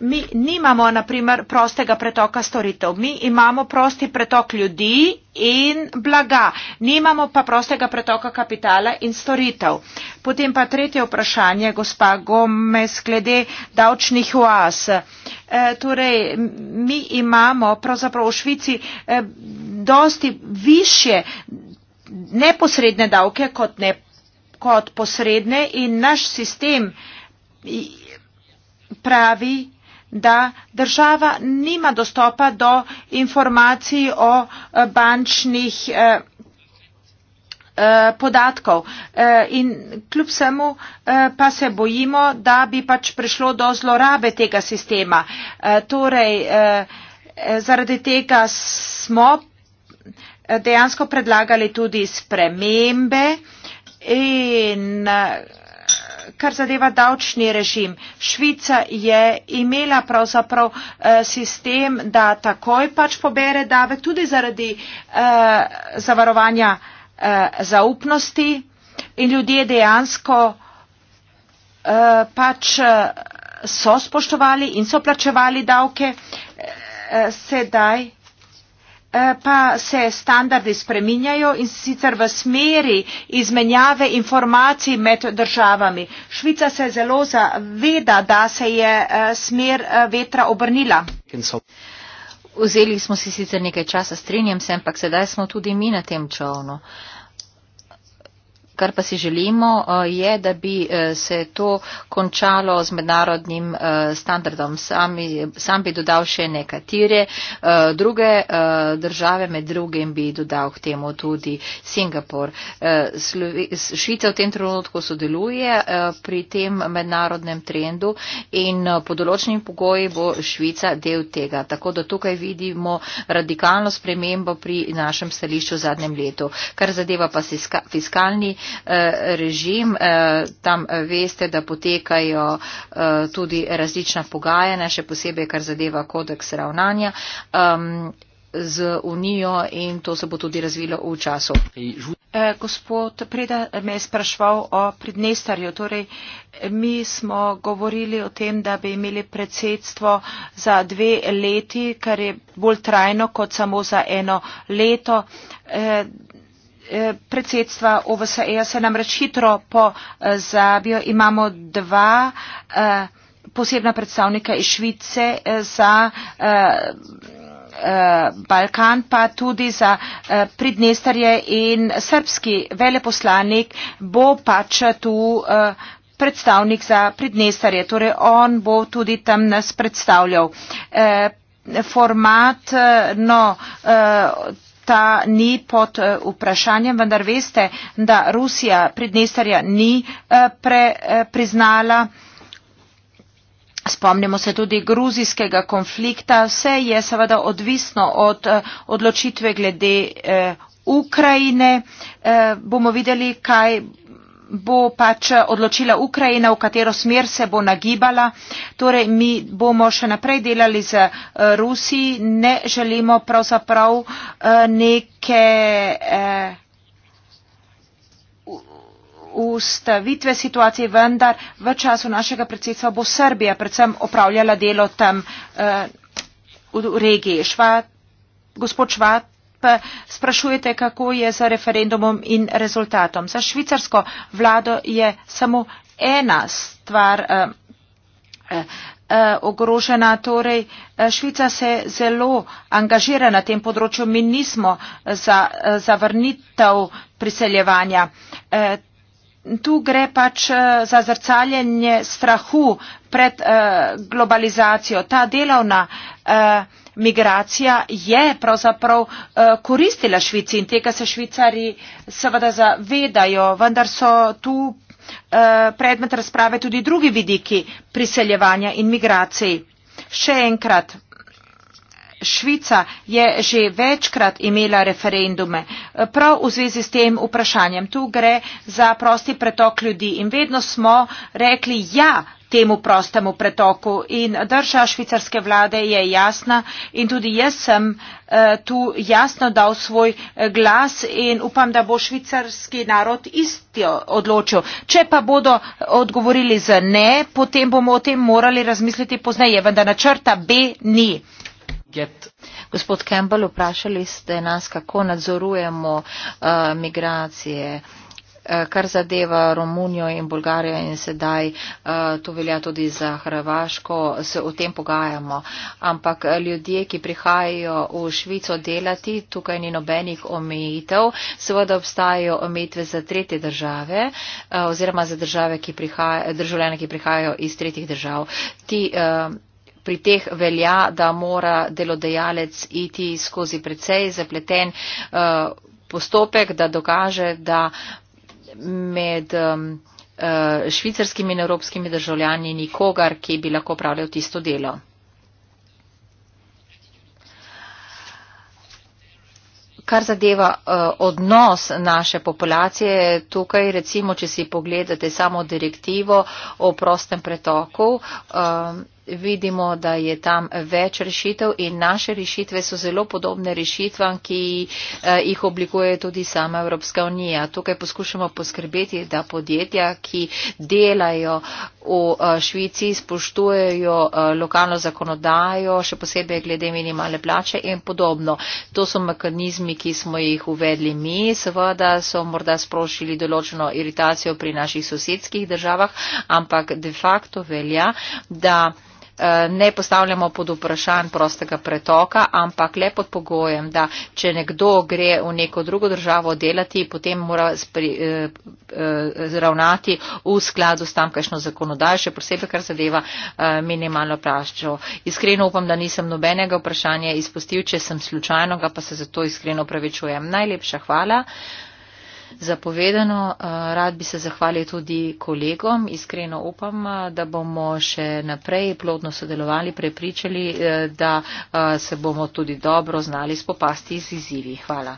mi nimamo naprimer prostega pretoka storitev, mi imamo prosti pretok ljudi in blaga, nimamo pa prostega pretoka kapitala in storitev. Potem pa tretje vprašanje, gospa Gomez, glede davčnih oas. E, torej, mi imamo pravzaprav v Švici e, dosti više neposredne davke kot, ne, kot posredne in naš sistem pravi, da država nima dostopa do informacij o eh, bančnih eh, eh, podatkov in kljub vsemu pa se bojimo, da bi pač prišlo do zlorabe tega sistema. Torej, zaradi tega smo dejansko predlagali tudi spremembe in kar zadeva davčni režim. Švica je imela pravzaprav eh, sistem, da takoj pač pobere davek tudi zaradi eh, zavarovanja eh, zaupnosti in ljudje dejansko eh, pač eh, so spoštovali in so plačevali davke. Eh, eh sedaj. Eh, pa se standardi spreminjajo in sicer v smeri izmenjave informacij med državami. Švica se zelo zaveda, da se je eh, smer eh, vetra obrnila. Vzeli smo si sicer nekaj časa, strinjam se, ampak sedaj smo tudi mi na tem čovnu kar pa si želimo, eh, je, da bi eh, se to končalo z mednarodnim eh, standardom. Sam, sam bi dodal še nekatere druge države, med drugim bi dodal k temu tudi Singapur. Švica v tem trenutku sodeluje pri tem mednarodnem trendu in po določenim pogoji bo Švica del tega. Tako da tukaj vidimo radikalno spremembo pri našem stališču v zadnjem letu. Kar zadeva pa fiskalni uh, Eh, režim. Eh, tam eh, veste, da potekajo tudi različna pogajanja, še posebej, kar zadeva kodeks ravnanja z Unijo in to se bo tudi razvilo v času. Gospod Preda me je spraševal o prednestarju. Torej, mi smo govorili o tem, da bi imeli predsedstvo za dve leti, kar je bolj trajno kot samo za eno leto. Eh, predsedstva OVSE se namreč hitro pozabijo. Imamo dva eh, posebna predstavnika iz Švice eh, za Balkan, pa tudi za Pridnestarje in srpski veleposlanik bo pač tu predstavnik za Pridnestarje. Torej on bo tudi tam nas predstavljal. Format, no, ta ni pod eh, vprašanjem, vendar veste, da Rusija Pridnestarja ni eh, pre, eh, priznala. Spomnimo se tudi gruzijskega konflikta. Vse je seveda odvisno od odločitve glede Ukrajine. Bomo videli, kaj bo pač odločila Ukrajina, v katero smer se bo nagibala. Torej, mi bomo še naprej delali z eh, Rusiji, ne želimo pravzaprav eh, neke eh, ustavitve situacije, vendar v času našega predsedstva bo Srbija predvsem opravljala delo tam v regiji. Šva, gospod Švat, sprašujete, kako je z referendumom in rezultatom. Za švicarsko vlado je samo ena stvar eh, eh, eh, ogrožena. Torej, Švica se zelo angažira na tem področju. Mi nismo za zavrnitev priseljevanja. Tu gre pač za zrcaljenje strahu pred globalizacijo. Ta delovna migracija je pravzaprav eh, koristila Švici in tega se Švicari seveda zavedajo, vendar so tu eh, predmet razprave tudi drugi vidiki priseljevanja in migracij. Še enkrat, Švica je že večkrat imela referendume, eh, prav v zvezi s tem vprašanjem. Tu gre za prosti pretok ljudi in vedno smo rekli ja, temu prostemu pretoku. In drža švicarske vlade je jasna in tudi jaz sem eh, tu jasno dal svoj eh, glas in upam, da bo švicarski narod isto odločil. Če pa bodo eh, odgovorili z ne, potem bomo o tem morali razmisliti pozneje, vendar načrta B ni. Get. Gospod Campbell, vprašali ste nas, kako nadzorujemo uh, migracije. Uh, Eh, kar zadeva Romunijo in Bolgarijo in sedaj eh, to velja tudi za Hrvaško, se o tem pogajamo. Ampak eh, ljudje, ki prihajajo v Švico delati, tukaj ni nobenih omejitev. Seveda obstajajo omejitve za tretje države oziroma za države, ki prihajajo, državljane, ki prihajajo iz tretjih držav. Ti, Pri teh velja, da mora delodajalec iti skozi precej zapleten uh, postopek, da dokaže, da med um, uh, švicarskimi in evropskimi državljani nikogar, ki bi lahko pravljal tisto delo. Kar zadeva uh, odnos naše populacije, tukaj recimo, če si pogledate samo direktivo o prostem pretoku, uh, vidimo, da je tam več rešitev in naše rešitve so zelo podobne rešitvam, ki eh, jih oblikuje tudi sama Evropska unija. Tukaj poskušamo poskrbeti, da podjetja, ki delajo v eh, Švici, spoštujejo eh, lokalno zakonodajo, še posebej glede minimalne plače in podobno. To so mekanizmi, ki smo jih uvedli mi, seveda so morda sprošili določeno iritacijo pri naših sosedskih državah, ampak de facto velja, da Eh, ne postavljamo pod vprašanj prostega pretoka, ampak le pod pogojem, da če nekdo gre v neko drugo državo delati, potem mora spri, eh, eh, ravnati v skladu s tamkajšno zakonodajo, še posebej, kar zadeva eh, minimalno plaščo. Iskreno upam, da nisem nobenega vprašanja izpustil, če sem slučajno, pa se zato iskreno pravičujem. Najlepša hvala. Eh, za povedano. Eh, rad bi se zahvalil tudi kolegom. Iskreno upam, eh, da bomo še naprej plodno sodelovali, prepričali, eh, da se bomo tudi dobro znali spopasti z izzivi. Hvala.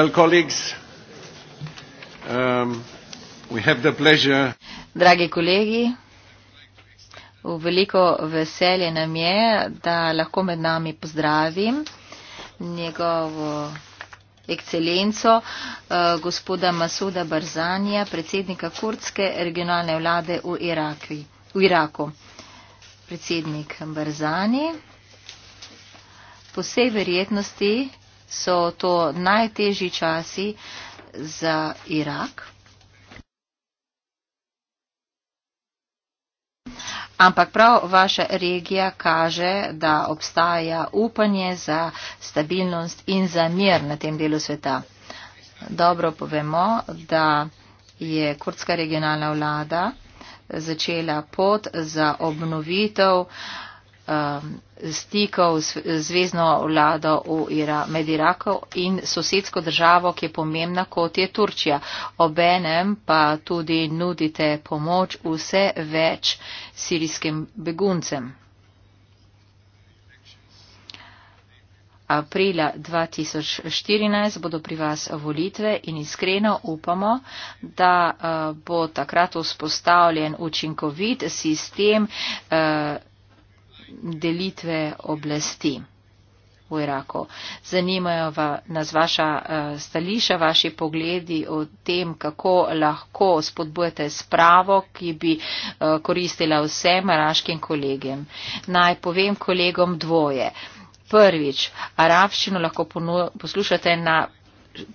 Um, Dragi kolegi, v veliko veselje nam je, da lahko med nami pozdravim njegovo ekscelenco uh, gospoda Masuda Barzanija, predsednika kurdske regionalne vlade v, Iraki, v Iraku. Predsednik Barzani, po vsej verjetnosti so to najtežji časi za Irak. Ampak prav vaša regija kaže, da obstaja upanje za stabilnost in za mir na tem delu sveta. Dobro povemo, da je kurdska regionalna vlada začela pot za obnovitev um, stikov z zvezdno vlado v Ira, med Irakom in sosedsko državo, ki je pomembna kot je Turčija. Obenem pa tudi nudite pomoč vse več sirijskim beguncem. Aprila 2014 bodo pri vas volitve in iskreno upamo, da eh, bo takrat vzpostavljen učinkovit sistem eh, delitve oblasti v Iraku. Zanimajo va, nas vaša uh, eh, stališa, vaši pogledi o tem, kako lahko spodbujate spravo, ki bi uh, koristila vsem araškim kolegem. Naj povem kolegom dvoje. Prvič, arabščino lahko ponu, poslušate na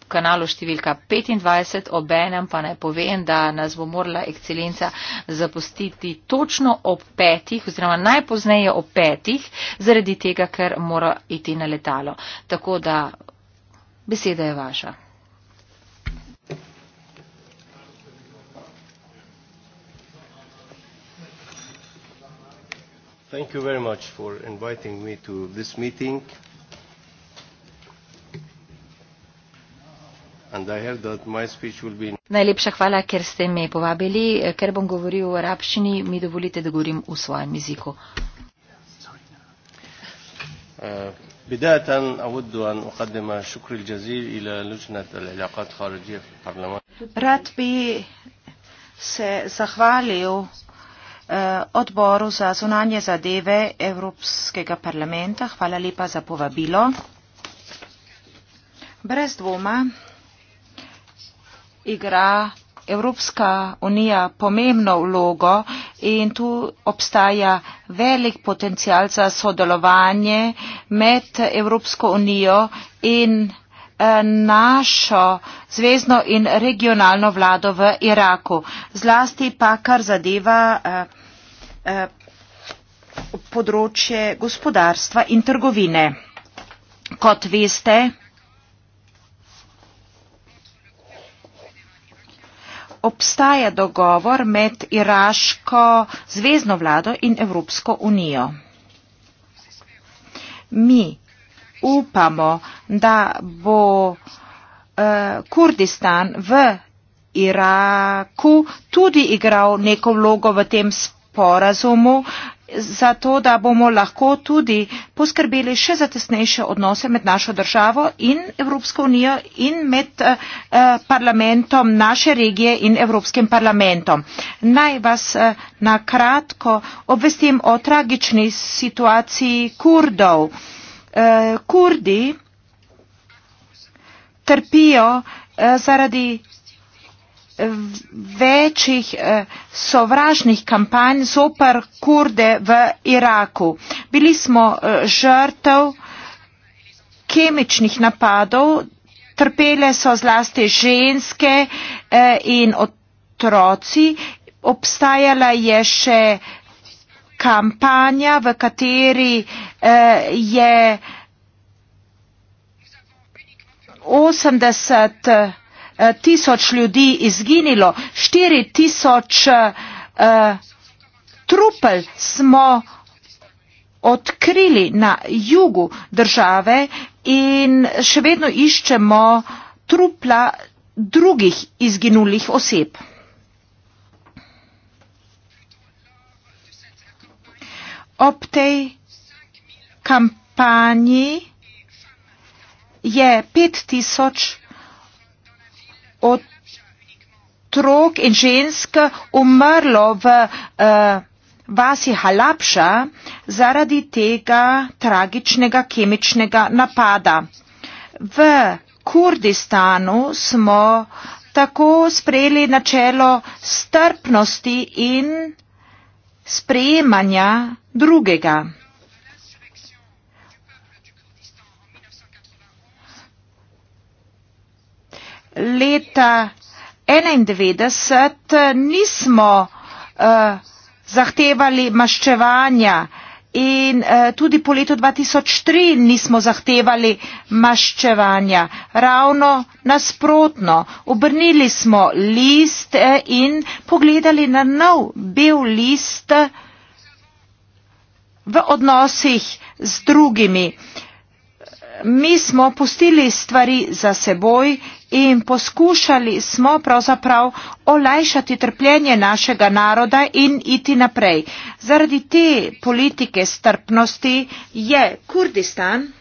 kanalu številka 25, obenem pa naj povem, da nas bo morala ekscelenca zapustiti točno ob petih oziroma najpoznejo ob petih, zaradi tega, ker mora iti na letalo. Tako da beseda je vaša. Thank you very much for inviting me to this meeting. Najlepša hvala, ker ste me povabili, ker bom govoril o arabščini, mi dovolite, da govorim v svojem jeziku. Uh, Rad bi se zahvalil uh, odboru za zunanje zadeve Evropskega parlamenta. Hvala lepa za povabilo. Brez dvoma igra Evropska unija pomembno vlogo in tu obstaja velik potencial za sodelovanje med Evropsko unijo in eh, našo zvezdno in regionalno vlado v Iraku. Zlasti pa, kar zadeva eh, eh, področje gospodarstva in trgovine. Kot veste, obstaja dogovor med iraško zvezdno vlado in Evropsko unijo. Mi upamo, da bo uh, Kurdistan v Iraku tudi igral neko vlogo v tem sporazumu, zato, da bomo lahko tudi poskrbeli še za tesnejše odnose med našo državo in Evropsko unijo in med eh, eh, parlamentom naše regije in Evropskim parlamentom. Naj vas eh, na kratko obvestim o tragični situaciji Kurdov. Eh, Kurdi trpijo eh, zaradi večjih eh, sovražnih kampanj zopr kurde v Iraku. Bili smo eh, žrtev kemičnih napadov, trpele so zlasti ženske eh, in otroci. Obstajala je še kampanja, v kateri je 80 tisoč ljudi izginilo, štiri tisoč eh, eh, trupel smo odkrili na jugu države in še vedno iščemo trupla drugih izginulih oseb. Ob tej kampanji je pet tisoč otrok in žensk umrlo v uh, vasi Halabša zaradi tega tragičnega kemičnega napada. V Kurdistanu smo tako sprejeli načelo strpnosti in sprejemanja drugega. leta 1991 nismo uh, zahtevali maščevanja in uh, tudi po letu 2003 nismo zahtevali maščevanja. Ravno nasprotno, obrnili smo list eh, in pogledali na nov bil list v odnosih z drugimi. Uh, mi smo pustili stvari za seboj in poskušali smo pravzaprav olajšati trpljenje našega naroda in iti naprej. Zaradi te politike strpnosti je Kurdistan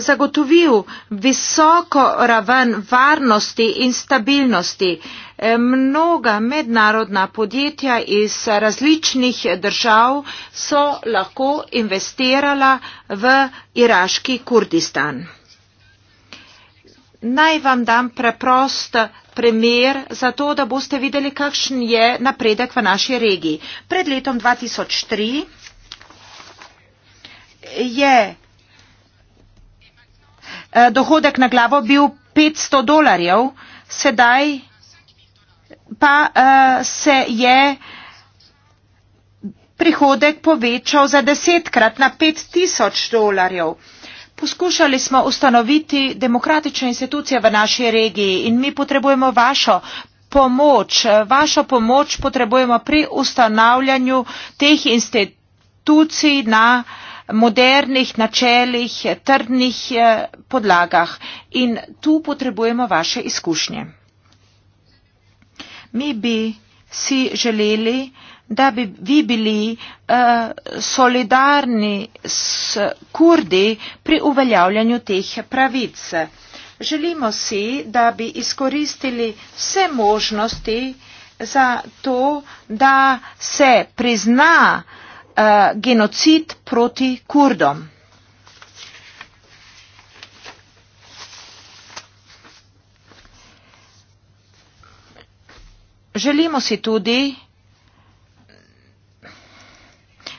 zagotovil visoko raven varnosti in stabilnosti. Eh, mnoga mednarodna podjetja iz različnih držav so lahko investirala v iraški Kurdistan. Naj vam dam preprost primer za to, da boste videli, kakšen je napredek v naši regiji. Pred letom 2003 je eh, dohodek na glavo bil 500 dolarjev, sedaj pa uh, se je prihodek povečal za desetkrat na pet tisoč dolarjev. Poskušali smo ustanoviti demokratične institucije v naši regiji in mi potrebujemo vašo pomoč. Vašo pomoč potrebujemo pri ustanavljanju teh institucij na modernih načelih, trdnih eh, podlagah in tu potrebujemo vaše izkušnje mi bi si želeli, da bi vi bili uh, solidarni s kurdi pri uveljavljanju teh pravic. Želimo si, da bi izkoristili vse možnosti za to, da se prizna uh, genocid proti kurdom. Želimo si tudi,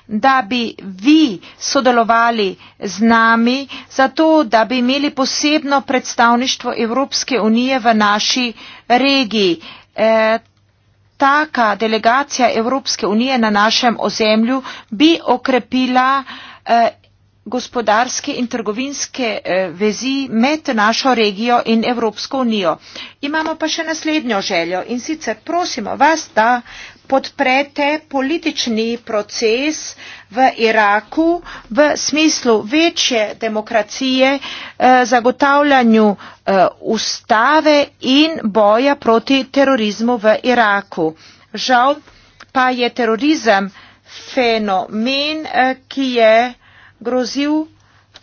da bi vi sodelovali z nami, zato da bi imeli posebno predstavništvo Evropske unije v naši regiji. E, taka delegacija Evropske unije na našem ozemlju bi okrepila e, gospodarske in trgovinske eh, vezi med našo regijo in Evropsko unijo. Imamo pa še naslednjo željo in sicer prosimo vas, da podprete politični proces v Iraku v smislu večje demokracije, eh, zagotavljanju eh, ustave in boja proti terorizmu v Iraku. Žal pa je terorizem fenomen, ki je grozil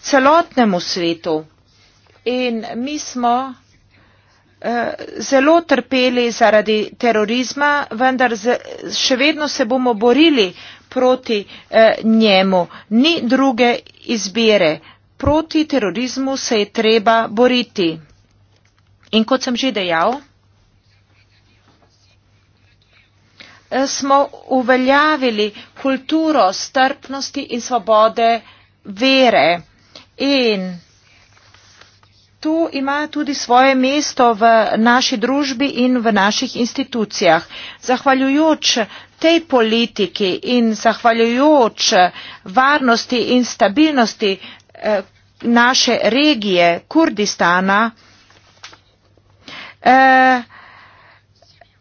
celotnemu svetu. In mi smo eh, zelo trpeli zaradi terorizma, vendar še vedno se bomo borili proti eh, njemu. Ni druge izbire. Proti terorizmu se je treba boriti. In kot sem že dejal, eh, smo uveljavili kulturo strpnosti in svobode vere. In tu ima tudi svoje mesto v naši družbi in v naših institucijah. Zahvaljujoč tej politiki in zahvaljujoč varnosti in stabilnosti eh, naše regije Kurdistana, eh,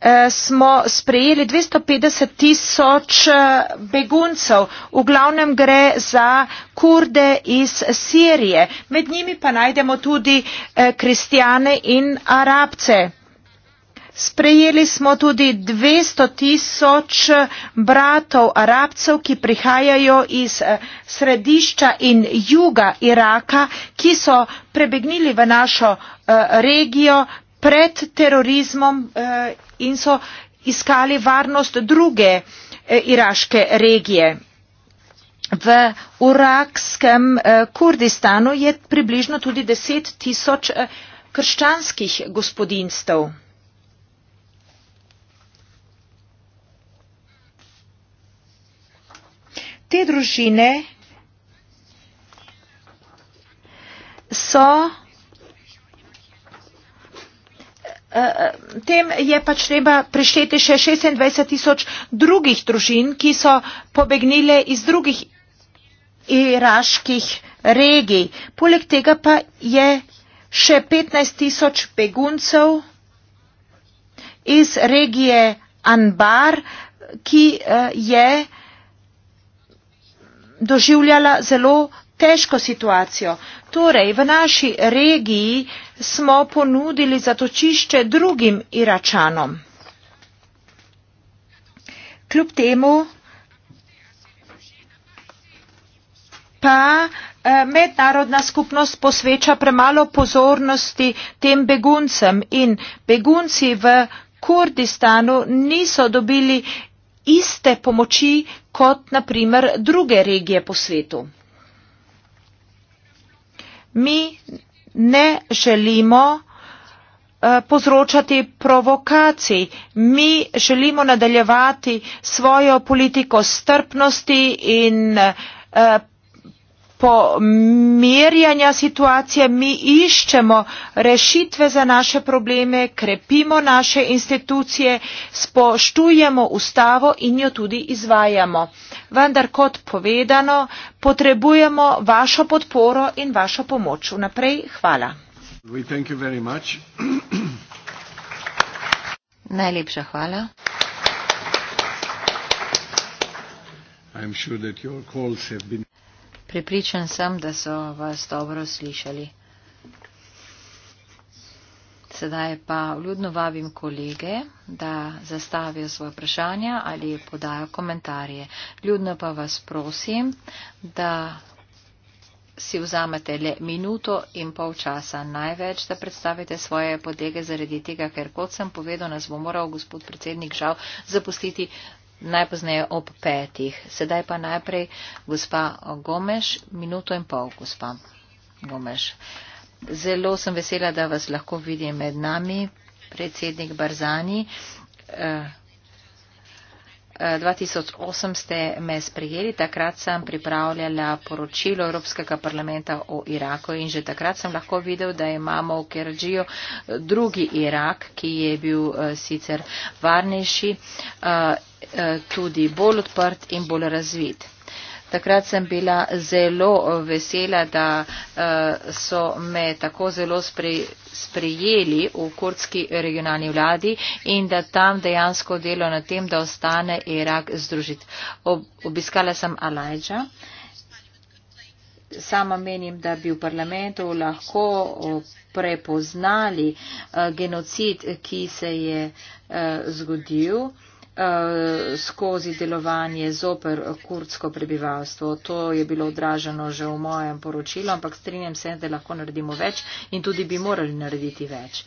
Eh, smo sprejeli 250 tisoč eh, beguncev. V glavnem gre za kurde iz Sirije. Med njimi pa najdemo tudi eh, kristijane in arabce. Sprejeli smo tudi 200 tisoč bratov arabcev, ki prihajajo iz središča in juga Iraka, ki so prebegnili v našo regijo, pred terorizmom eh, in so iskali varnost druge eh, iraške regije. V urakskem eh, Kurdistanu je približno tudi deset tisoč krščanskih gospodinstv. Te družine so Eh, tem je pač treba prišteti še šestindvajset tisoč drugih družin ki so pobegnile iz drugih iraških regij poleg tega pa je še petnajst tisoč beguncev iz regije Anbar ki eh, je doživljala zelo težko situacijo. Torej, v naši regiji smo ponudili zatočišče drugim Iračanom. Kljub temu pa eh, mednarodna skupnost posveča premalo pozornosti tem beguncem in begunci v Kurdistanu niso dobili iste pomoči kot naprimer druge regije po svetu mi ne želimo eh, povzročati provokacij. Mi želimo nadaljevati svojo politiko strpnosti in eh, pomirjanja situacije. Mi iščemo rešitve za naše probleme, krepimo naše institucije, spoštujemo ustavo in jo tudi izvajamo vendar kot povedano, potrebujemo vašo podporo in vašo pomoč. Vnaprej hvala. Najlepša hvala. Sure been... Pripričan sem, da so vas dobro slišali. Sedaj pa vljudno vabim kolege, da zastavijo svoje vprašanja ali podajo komentarje. Ljudno pa vas prosim, da si vzamete le minuto in pol časa največ, da predstavite svoje podege zaradi tega, ker kot sem povedal, nas bo moral gospod predsednik žal zapustiti najpozneje ob petih. Sedaj pa najprej gospa Gomeš, minuto in pol, gospa Gomeš. Zelo sem vesela, da vas lahko vidim med nami, predsednik Barzani. 2008 eh, eh, ste me sprejeli, takrat sem pripravljala poročilo Evropskega parlamenta o Iraku in že takrat sem lahko videl, da imamo v Kerđiju eh, drugi Irak, ki je bil sicer varnejši, tudi bolj odprt in bolj razvit. Takrat sem bila zelo vesela, da eh, so me tako zelo sprejeli v kurdski regionalni vladi in da tam dejansko delo na tem, da ostane Irak združit. Obiskala sem Alajđa. Sama menim, da bi v parlamentu lahko prepoznali eh, genocid, ki se je eh, zgodil. Eh, skozi delovanje zoper kurdsko prebivalstvo. To je bilo odraženo že v mojem poročilu, ampak strinjam se, da lahko naredimo več in tudi bi morali narediti več.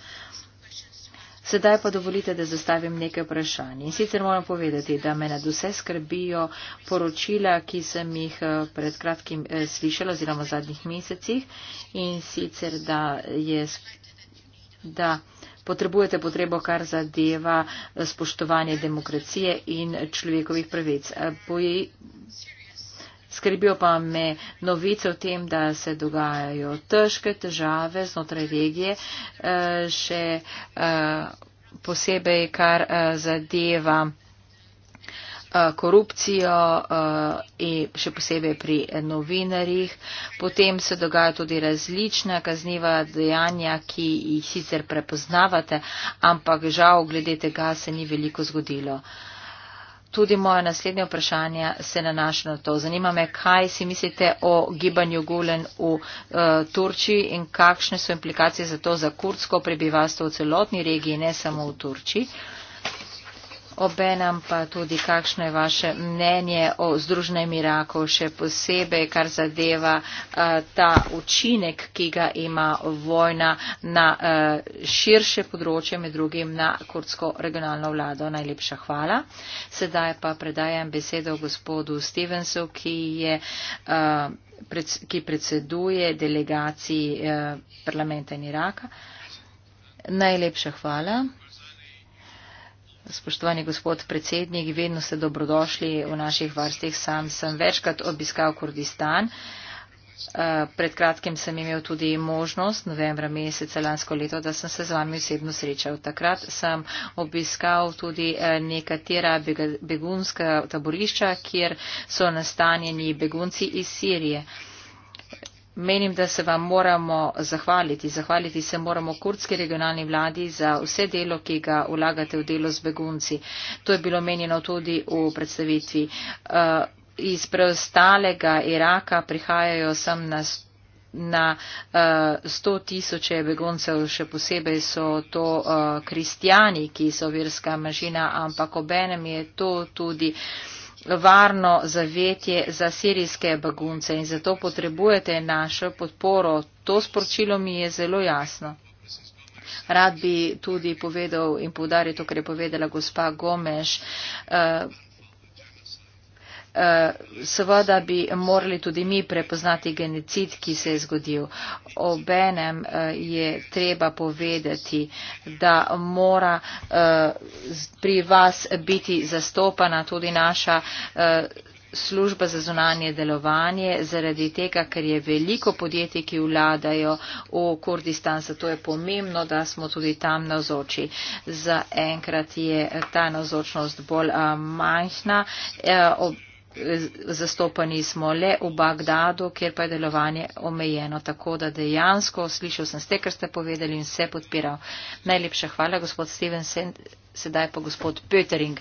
Sedaj pa dovolite, da zastavim nekaj vprašanj. In sicer moram povedati, da me nad vse skrbijo poročila, ki sem jih eh, pred kratkim eh, slišala oziroma v zadnjih mesecih in sicer, da je. Da potrebujete potrebo, kar zadeva eh, spoštovanje demokracije in človekovih pravic. Eh, Skrbijo pa me novice o tem, da se dogajajo težke težave znotraj regije, eh, še posebej kar zadeva Eh, korupcijo eh, in še posebej pri novinarjih. Potem se dogajajo tudi različna kazniva dejanja, ki jih sicer prepoznavate, ampak žal glede tega se ni veliko zgodilo. Tudi moje naslednje vprašanje se nanaša na to. Zanima me, kaj si mislite o gibanju Gulen v uh, Turčiji in kakšne so implikacije za to za kurdsko prebivalstvo v celotni regiji, ne samo v Turčiji. Uh, obenem pa tudi kakšno je vaše mnenje o Združenem Iraku, še posebej, kar zadeva eh, ta učinek, ki ga ima vojna na eh, širše področje, med drugim na kurdsko regionalno vlado. Najlepša hvala. Sedaj pa predajam besedo gospodu Stevensu, ki je eh, ki predseduje delegaciji eh, parlamenta in Iraka. Najlepša hvala. Spoštovani gospod predsednik, vedno ste dobrodošli v naših vrstih. Sam sem večkrat obiskal Kurdistan. Eh, pred kratkim sem imel tudi možnost, novembra meseca lansko leto, da sem se z vami osebno srečal. Takrat sem obiskal tudi eh, nekatera begunska taborišča, kjer so nastanjeni begunci iz Sirije. Menim, da se vam moramo zahvaliti. Zahvaliti se moramo kurdski regionalni vladi za vse delo, ki ga vlagate v delo z begunci. To je bilo menjeno tudi v predstavitvi. Uh, iz preostalega Iraka prihajajo sem na, na uh, eh, 100 tisoče beguncev, še posebej so to uh, eh, kristijani, ki so verska mažina, ampak obenem je to tudi. Uh, varno zavetje za sirijske begunce in zato potrebujete našo podporo. To sporočilo mi je zelo jasno. Rad bi tudi povedal in povdaril to, kar je povedala gospa Gomeš. Uh, eh, seveda bi morali tudi mi prepoznati genocid, ki se je zgodil. Obenem eh, je treba povedati, da mora eh, pri vas biti zastopana tudi naša eh, služba za zunanje delovanje, zaradi tega, ker je veliko podjetij, ki vladajo v Kurdistan, zato je pomembno, da smo tudi tam navzoči. Za enkrat je ta navzočnost bolj majhna. Ob zastopani smo le v Bagdadu, kjer pa je delovanje omejeno. Tako da dejansko slišal sem ste, kar ste povedali in vse podpiral. Najlepša hvala, gospod Steven Sen, sedaj pa gospod Pötering.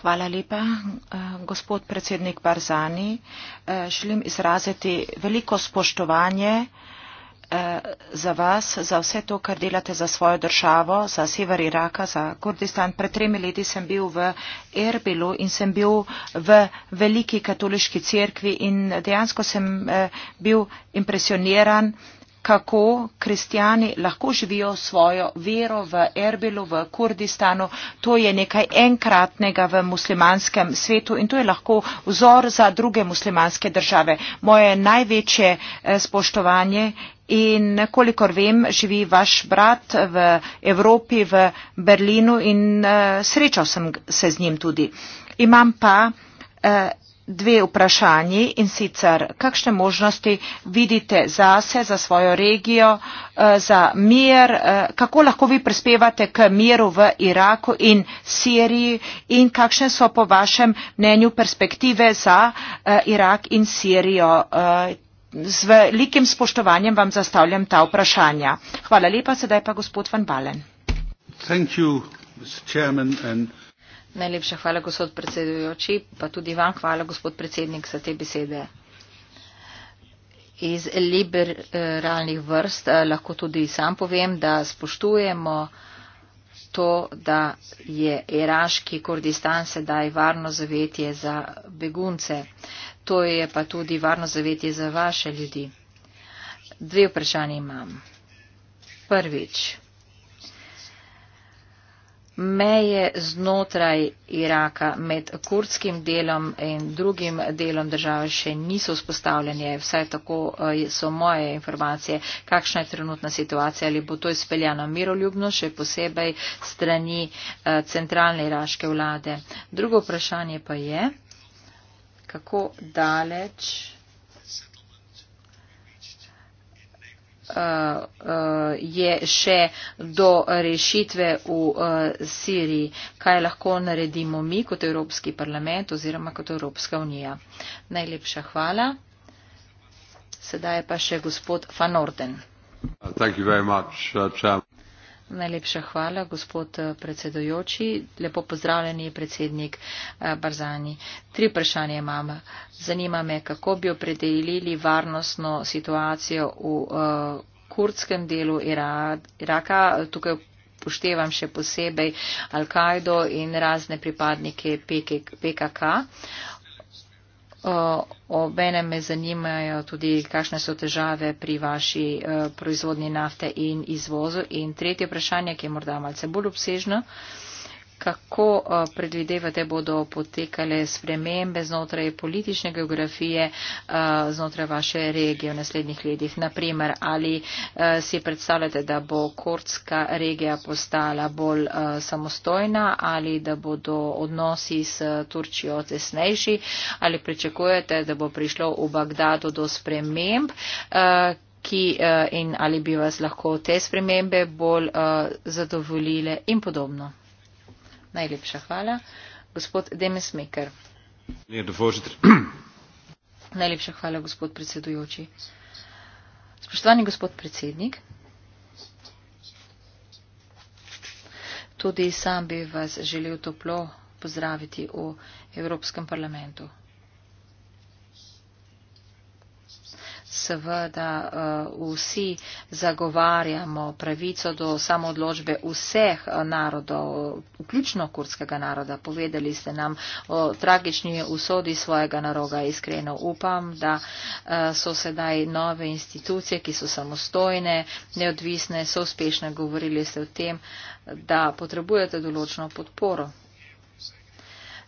Hvala lepa, eh, gospod predsednik Barzani. Eh, želim izraziti veliko spoštovanje. Eh, za vas, za vse to, kar delate za svojo državo, za sever Iraka, za Kurdistan. Pred tremi leti sem bil v Erbilu in sem bil v veliki katoliški cerkvi in dejansko sem eh, bil impresioniran kako kristijani lahko živijo svojo vero v Erbilu, v Kurdistanu. To je nekaj enkratnega v muslimanskem svetu in to je lahko vzor za druge muslimanske države. Moje največje eh, spoštovanje in kolikor vem, živi vaš brat v Evropi, v Berlinu in eh, srečal sem se z njim tudi. Imam pa eh, dve vprašanji in sicer, kakšne možnosti vidite zase, za svojo regijo, eh, za mir, eh, kako lahko vi prispevate k miru v Iraku in Siriji in kakšne so po vašem mnenju perspektive za eh, Irak in Sirijo. Z velikim spoštovanjem vam zastavljam ta vprašanja. Hvala lepa, sedaj pa gospod Van Balen. Thank you, Mr. Najlepša hvala, gospod predsedujoči, pa tudi vam hvala, gospod predsednik, za te besede. Iz liberalnih vrst eh, lahko tudi sam povem, da spoštujemo to, da je iraški Kurdistan sedaj varno zavetje za begunce. To je pa tudi varno zavetje za vaše ljudi. Dve vprašanje imam. Prvič meje znotraj Iraka med kurdskim delom in drugim delom države še niso vzpostavljene. Vsaj tako eh, so moje informacije, kakšna je trenutna situacija, ali bo to izpeljano miroljubno, še posebej strani eh, centralne iraške vlade. Drugo vprašanje pa je, kako daleč. Eh, eh, je še do rešitve v eh, Siriji, kaj lahko naredimo mi kot Evropski parlament oziroma kot Evropska unija. Najlepša hvala. Sedaj je pa še gospod Van Orden. Uh, thank you very much, uh, Najlepša hvala, gospod eh, predsedojoči. Lepo pozdravljeni, predsednik eh, Barzani. Tri vprašanje imam. Zanima me, kako bi opredelili varnostno situacijo v uh, kurdskem delu Iraka. Tukaj poštevam še posebej Al-Kaido in razne pripadnike PKK. Obene me zanimajo tudi, kakšne so težave pri vaši e, proizvodni nafte in izvozu. In tretje vprašanje, ki je morda malce bolj obsežno kako eh, predvidevate bodo potekale spremembe znotraj politične geografije eh, znotraj vaše regije v naslednjih letih. Naprimer, ali eh, si predstavljate, da bo kurdska regija postala bolj samostojna ali da bodo odnosi s Turčijo tesnejši ali pričakujete, da bo prišlo v Bagdadu do sprememb. Ki, in ali bi vas lahko te spremembe bolj uh, zadovoljile in podobno. Najlepša hvala. Gospod Demes Meker. Najlepša hvala, gospod predsedujoči. Spoštovani gospod predsednik, tudi sam bi vas želel toplo pozdraviti v Evropskem parlamentu. seveda eh, vsi zagovarjamo pravico do samodločbe vseh eh, narodov, vključno kurdskega naroda. Povedali ste nam o tragični usodi svojega naroga. Iskreno upam, da eh, so sedaj nove institucije, ki so samostojne, neodvisne, so uspešne. Govorili ste o tem, da potrebujete določeno podporo.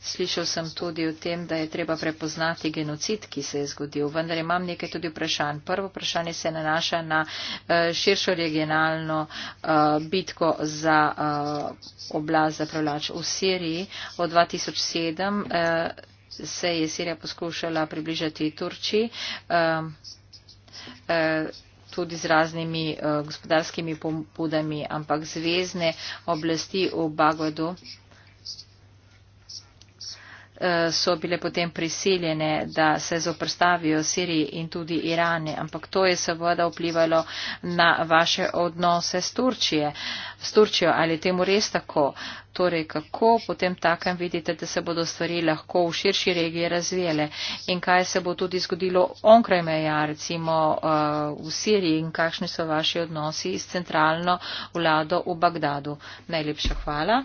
Slišal sem tudi o tem, da je treba prepoznati genocid, ki se je zgodil, vendar imam nekaj tudi vprašanj. Prvo vprašanje se nanaša na eh, širšo regionalno eh, bitko za eh, oblast za prevlač v Siriji od 2007 se je Sirija poskušala približati Turčiji, tudi z raznimi gospodarskimi pobudami, ampak zvezdne oblasti v Bagodu so bile potem prisiljene, da se zoprstavijo Siriji in tudi Irane. Ampak to je seveda vplivalo na vaše odnose s, Turčije, s Turčijo. Ali je temu res tako? Torej, kako potem takem vidite, da se bodo stvari lahko v širši regiji razvijele in kaj se bo tudi zgodilo onkraj meja, recimo eh, v Siriji in kakšni so vaši odnosi s centralno vlado v Bagdadu? Najlepša hvala.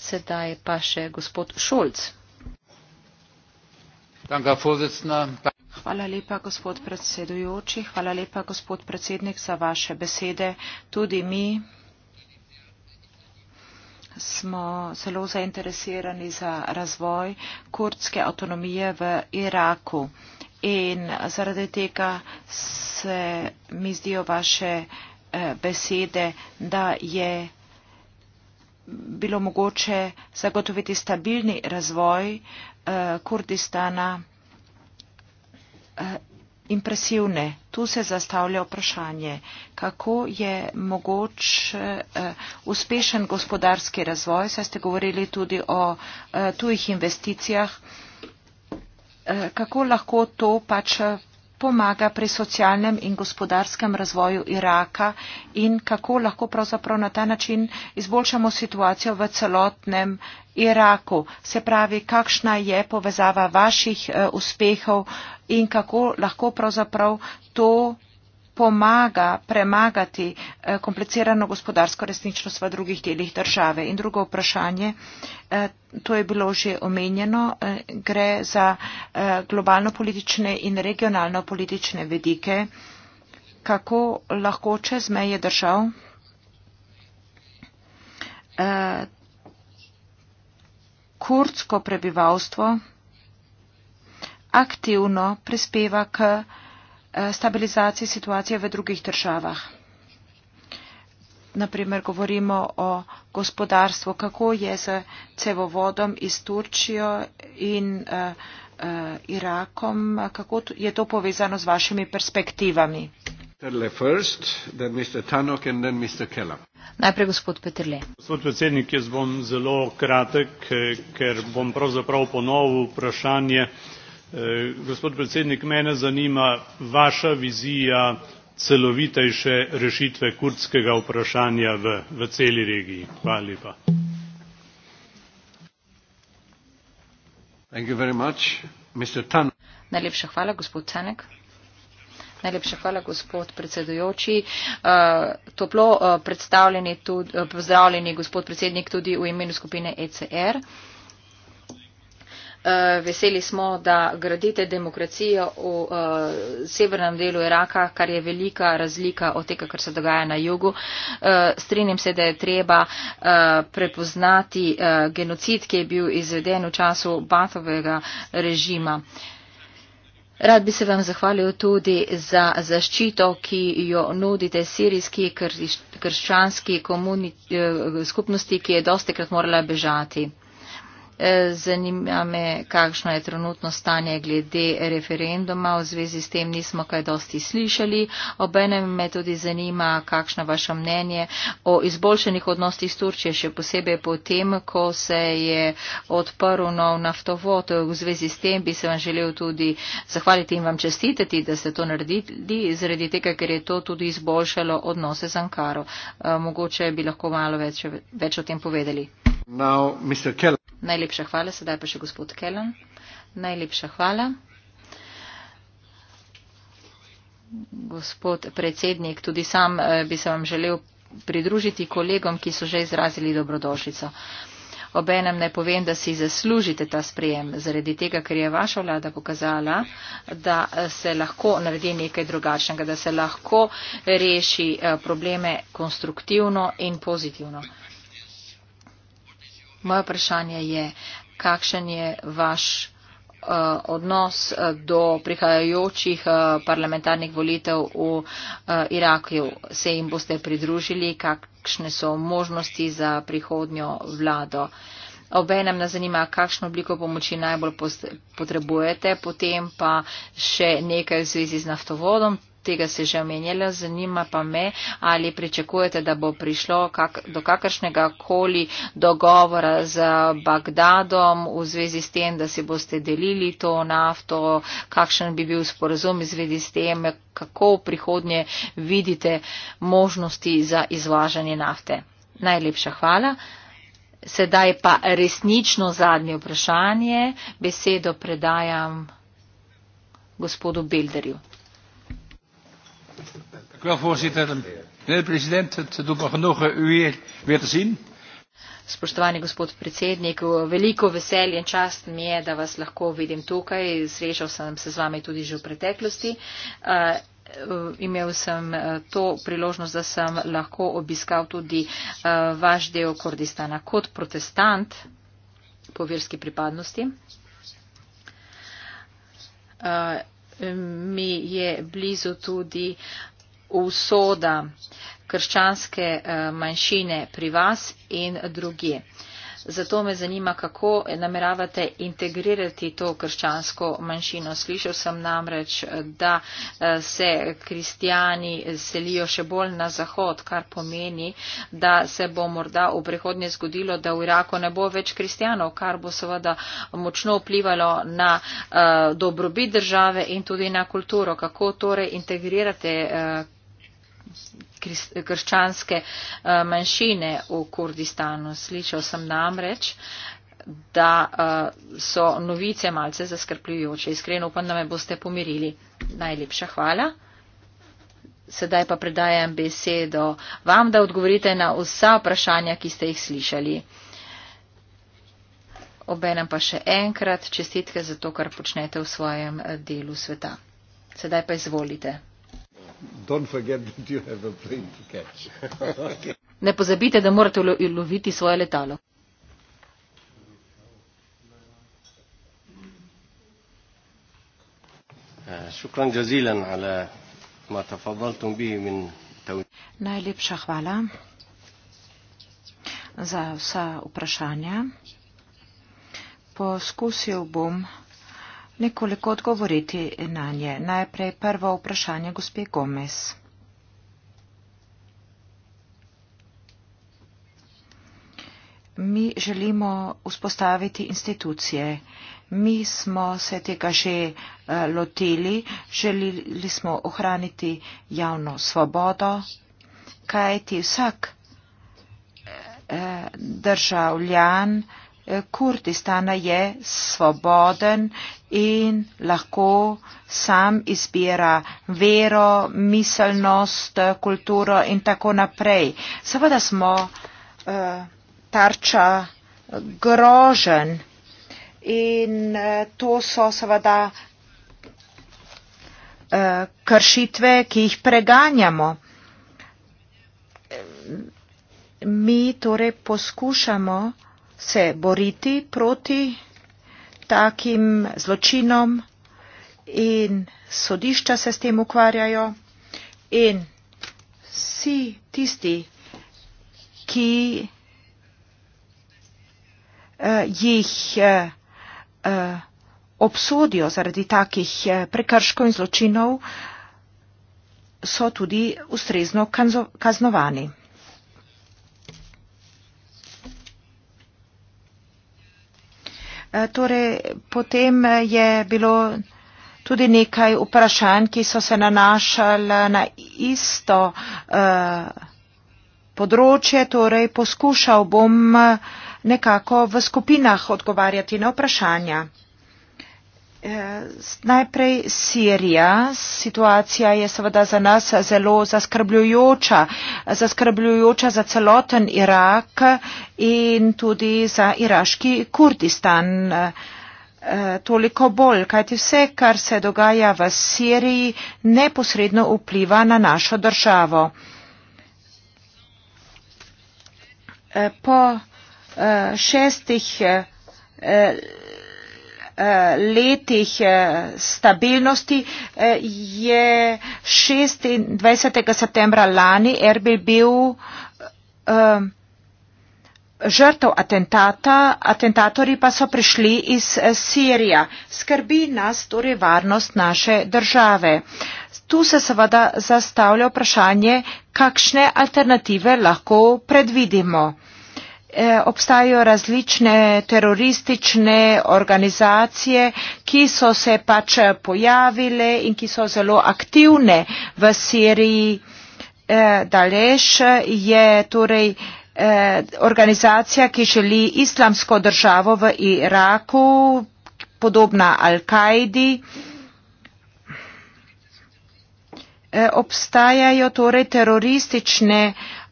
Sedaj pa še gospod Šolc. Hvala lepa, gospod predsedujoči. Hvala lepa, gospod predsednik, za vaše besede. Tudi mi smo zelo zainteresirani za razvoj kurdske avtonomije v Iraku. In zaradi tega se mi zdijo vaše eh, besede, da je bilo mogoče zagotoviti stabilni razvoj eh, Kurdistana eh, impresivne. Tu se zastavlja vprašanje, kako je mogoč eh, uspešen gospodarski razvoj. Saj ste govorili tudi o tujih investicijah. Kako lahko to pač pomaga pri socialnem in gospodarskem razvoju Iraka in kako lahko pravzaprav na ta način izboljšamo situacijo v celotnem Iraku. Se pravi, kakšna je povezava vaših uh, uspehov in kako lahko pravzaprav to pomaga premagati eh, komplicirano gospodarsko resničnost v drugih delih države. In drugo vprašanje, eh, to je bilo že omenjeno, eh, gre za globalno politične in regionalno politične vedike, kako lahko čez meje držav kurdsko prebivalstvo aktivno prispeva k Eh, stabilizaciji situacije v drugih državah. Naprimer, govorimo o gospodarstvu, kako je z cevovodom iz Turčijo in uh, uh, Irakom, kako je to povezano z vašimi perspektivami. First, then Mr. Tanok, and then Mr. Najprej gospod Petrle. Gospod predsednik, jaz bom zelo kratek, ker bom pravzaprav ponovil vprašanje. Uh, Eh, gospod predsednik mene zanima vaša vizija celovitejše rešitve kurdskega vprašanja v, v celi regiji. Hvala lepa. Najlepša hvala, gospod Cenek. Najlepša hvala, gospod predsedujoči. Uh, toplo uh, predstavljeni tudi, uh, pozdravljeni, gospod predsednik, tudi v imenu skupine ECR. Uh, Eh, veseli smo da gradite demokracijo v eh, severnem delu Iraka, kar je velika razlika od tega, kar se dogaja na jugu. Eh, strinjam se, da je treba prepoznati genocid, ki je bil izveden v času Batovega režima. Rad bi se vam zahvalil tudi za zaščito, ki jo nudite sirijski krščanski skupnosti, ki je dostekrat morala bežati. Zanima me, kakšno je trenutno stanje glede referenduma. V zvezi s tem nismo kaj dosti slišali. Obenem me tudi zanima, kakšno vaše mnenje o izboljšenih odnostih s Turčijo, še posebej po tem, ko se je odprl nov naftovod. V zvezi s tem bi se vam želel tudi zahvaliti in vam čestitati, da ste to naredili, zaradi tega, ker je to tudi izboljšalo odnose z Ankaro. Eh, mogoče bi lahko malo več, več o tem povedali. Now, Najlepša hvala, sedaj pa še gospod Kellen. Najlepša hvala. Gospod predsednik, tudi sam eh, bi se vam želel pridružiti kolegom, ki so že izrazili dobrodošljico. Obenem ne povem, da si zaslužite ta sprejem, zaradi tega, ker je vaša vlada pokazala, da eh, se lahko naredi nekaj drugačnega, da se lahko reši eh, probleme konstruktivno in pozitivno. Moje vprašanje je, kakšen je vaš eh, odnos eh, do prihajajočih eh, parlamentarnih volitev v Iraku. Se jim boste pridružili, kakšne so možnosti za prihodnjo vlado. Obenem nas zanima, kakšno obliko pomoči najbolj potrebujete, potem pa še nekaj v zvezi z naftovodom, tega se že omenjala, zanima pa me, ali pričakujete, da bo prišlo kak, do kakršnega koli dogovora z Bagdadom v zvezi s tem, da si boste delili to nafto, kakšen bi bil sporazum v zvezi s tem, kako v prihodnje vidite možnosti za izvažanje nafte. Najlepša hvala. Sedaj pa resnično zadnje vprašanje. Besedo predajam gospodu Bilderju voorzitter. Meneer de president, het doet me genoegen u hier weer te zien. Spoštovani gospod predsednik, veliko veselje in čast mi je, da vas lahko vidim tukaj. Srečal sem se z vami tudi že v preteklosti. Eh, imel sem eh, to priložnost, da sem lahko obiskal tudi eh, vaš del Kurdistana kot protestant po verski pripadnosti mi je blizu tudi usoda krščanske eh, manjšine pri vas in drugje. Zato me zanima, kako nameravate integrirati to krščansko manjšino. Slišal sem namreč, da eh, se kristijani selijo še bolj na zahod, kar pomeni, da se bo morda v prihodnje zgodilo, da v Iraku ne bo več kristijanov, kar bo seveda močno vplivalo na eh, dobrobit države in tudi na kulturo. Kako torej integrirate eh, krščanske eh, manjšine v Kurdistanu. Slišal sem namreč, da eh, so novice malce zaskrpljujoče. Iskreno upam, da me boste pomirili. Najlepša hvala. Sedaj pa predajam besedo vam, da odgovorite na vsa vprašanja, ki ste jih slišali. Obenem pa še enkrat čestitke za to, kar počnete v svojem eh, delu sveta. Sedaj pa izvolite. ne pozabite, da morate loviti svoje letalo. Eh, Najlepša hvala za vsa vprašanja. Poskusil bom nekoliko odgovoriti na nje. Najprej prvo vprašanje gospe Gomez. Mi želimo vzpostaviti institucije. Mi smo se tega že eh, lotili, želili smo ohraniti javno svobodo, kajti vsak eh, državljan Kurdistana je svoboden in lahko sam izbira vero, miselnost, kulturo in tako naprej. Seveda smo uh, tarča grožen in uh, to so seveda uh, kršitve, ki jih preganjamo. Mi torej poskušamo, se boriti proti takim zločinom in sodišča se s tem ukvarjajo in vsi tisti, ki eh, jih eh, eh, obsodijo zaradi takih prekrškov in zločinov, so tudi ustrezno kaznovani. Eh, torej, potem eh, je bilo tudi nekaj vprašanj, ki so se nanašali na isto eh, področje, torej poskušal bom nekako v skupinah odgovarjati na vprašanja. Eh, najprej Sirija. Situacija je seveda za nas zelo zaskrbljujoča. Zaskrbljujoča za celoten Irak in tudi za iraški Kurdistan. Eh, toliko bolj, kajti vse, kar se dogaja v Siriji, neposredno vpliva na našo državo. Eh, po šestih letih eh, stabilnosti eh, je 26. septembra lani Erbil bil eh, žrtev atentata, atentatori pa so prišli iz Sirija. Skrbi nas torej varnost naše države. Tu se seveda zastavlja vprašanje, kakšne alternative lahko predvidimo. Eh, obstajajo različne teroristične organizacije, ki so se pač pojavile in ki so zelo aktivne v Siriji. Eh, Daleš je torej eh, organizacija, ki želi islamsko državo v Iraku, podobna Al-Kaidi. Obstajajo torej teroristične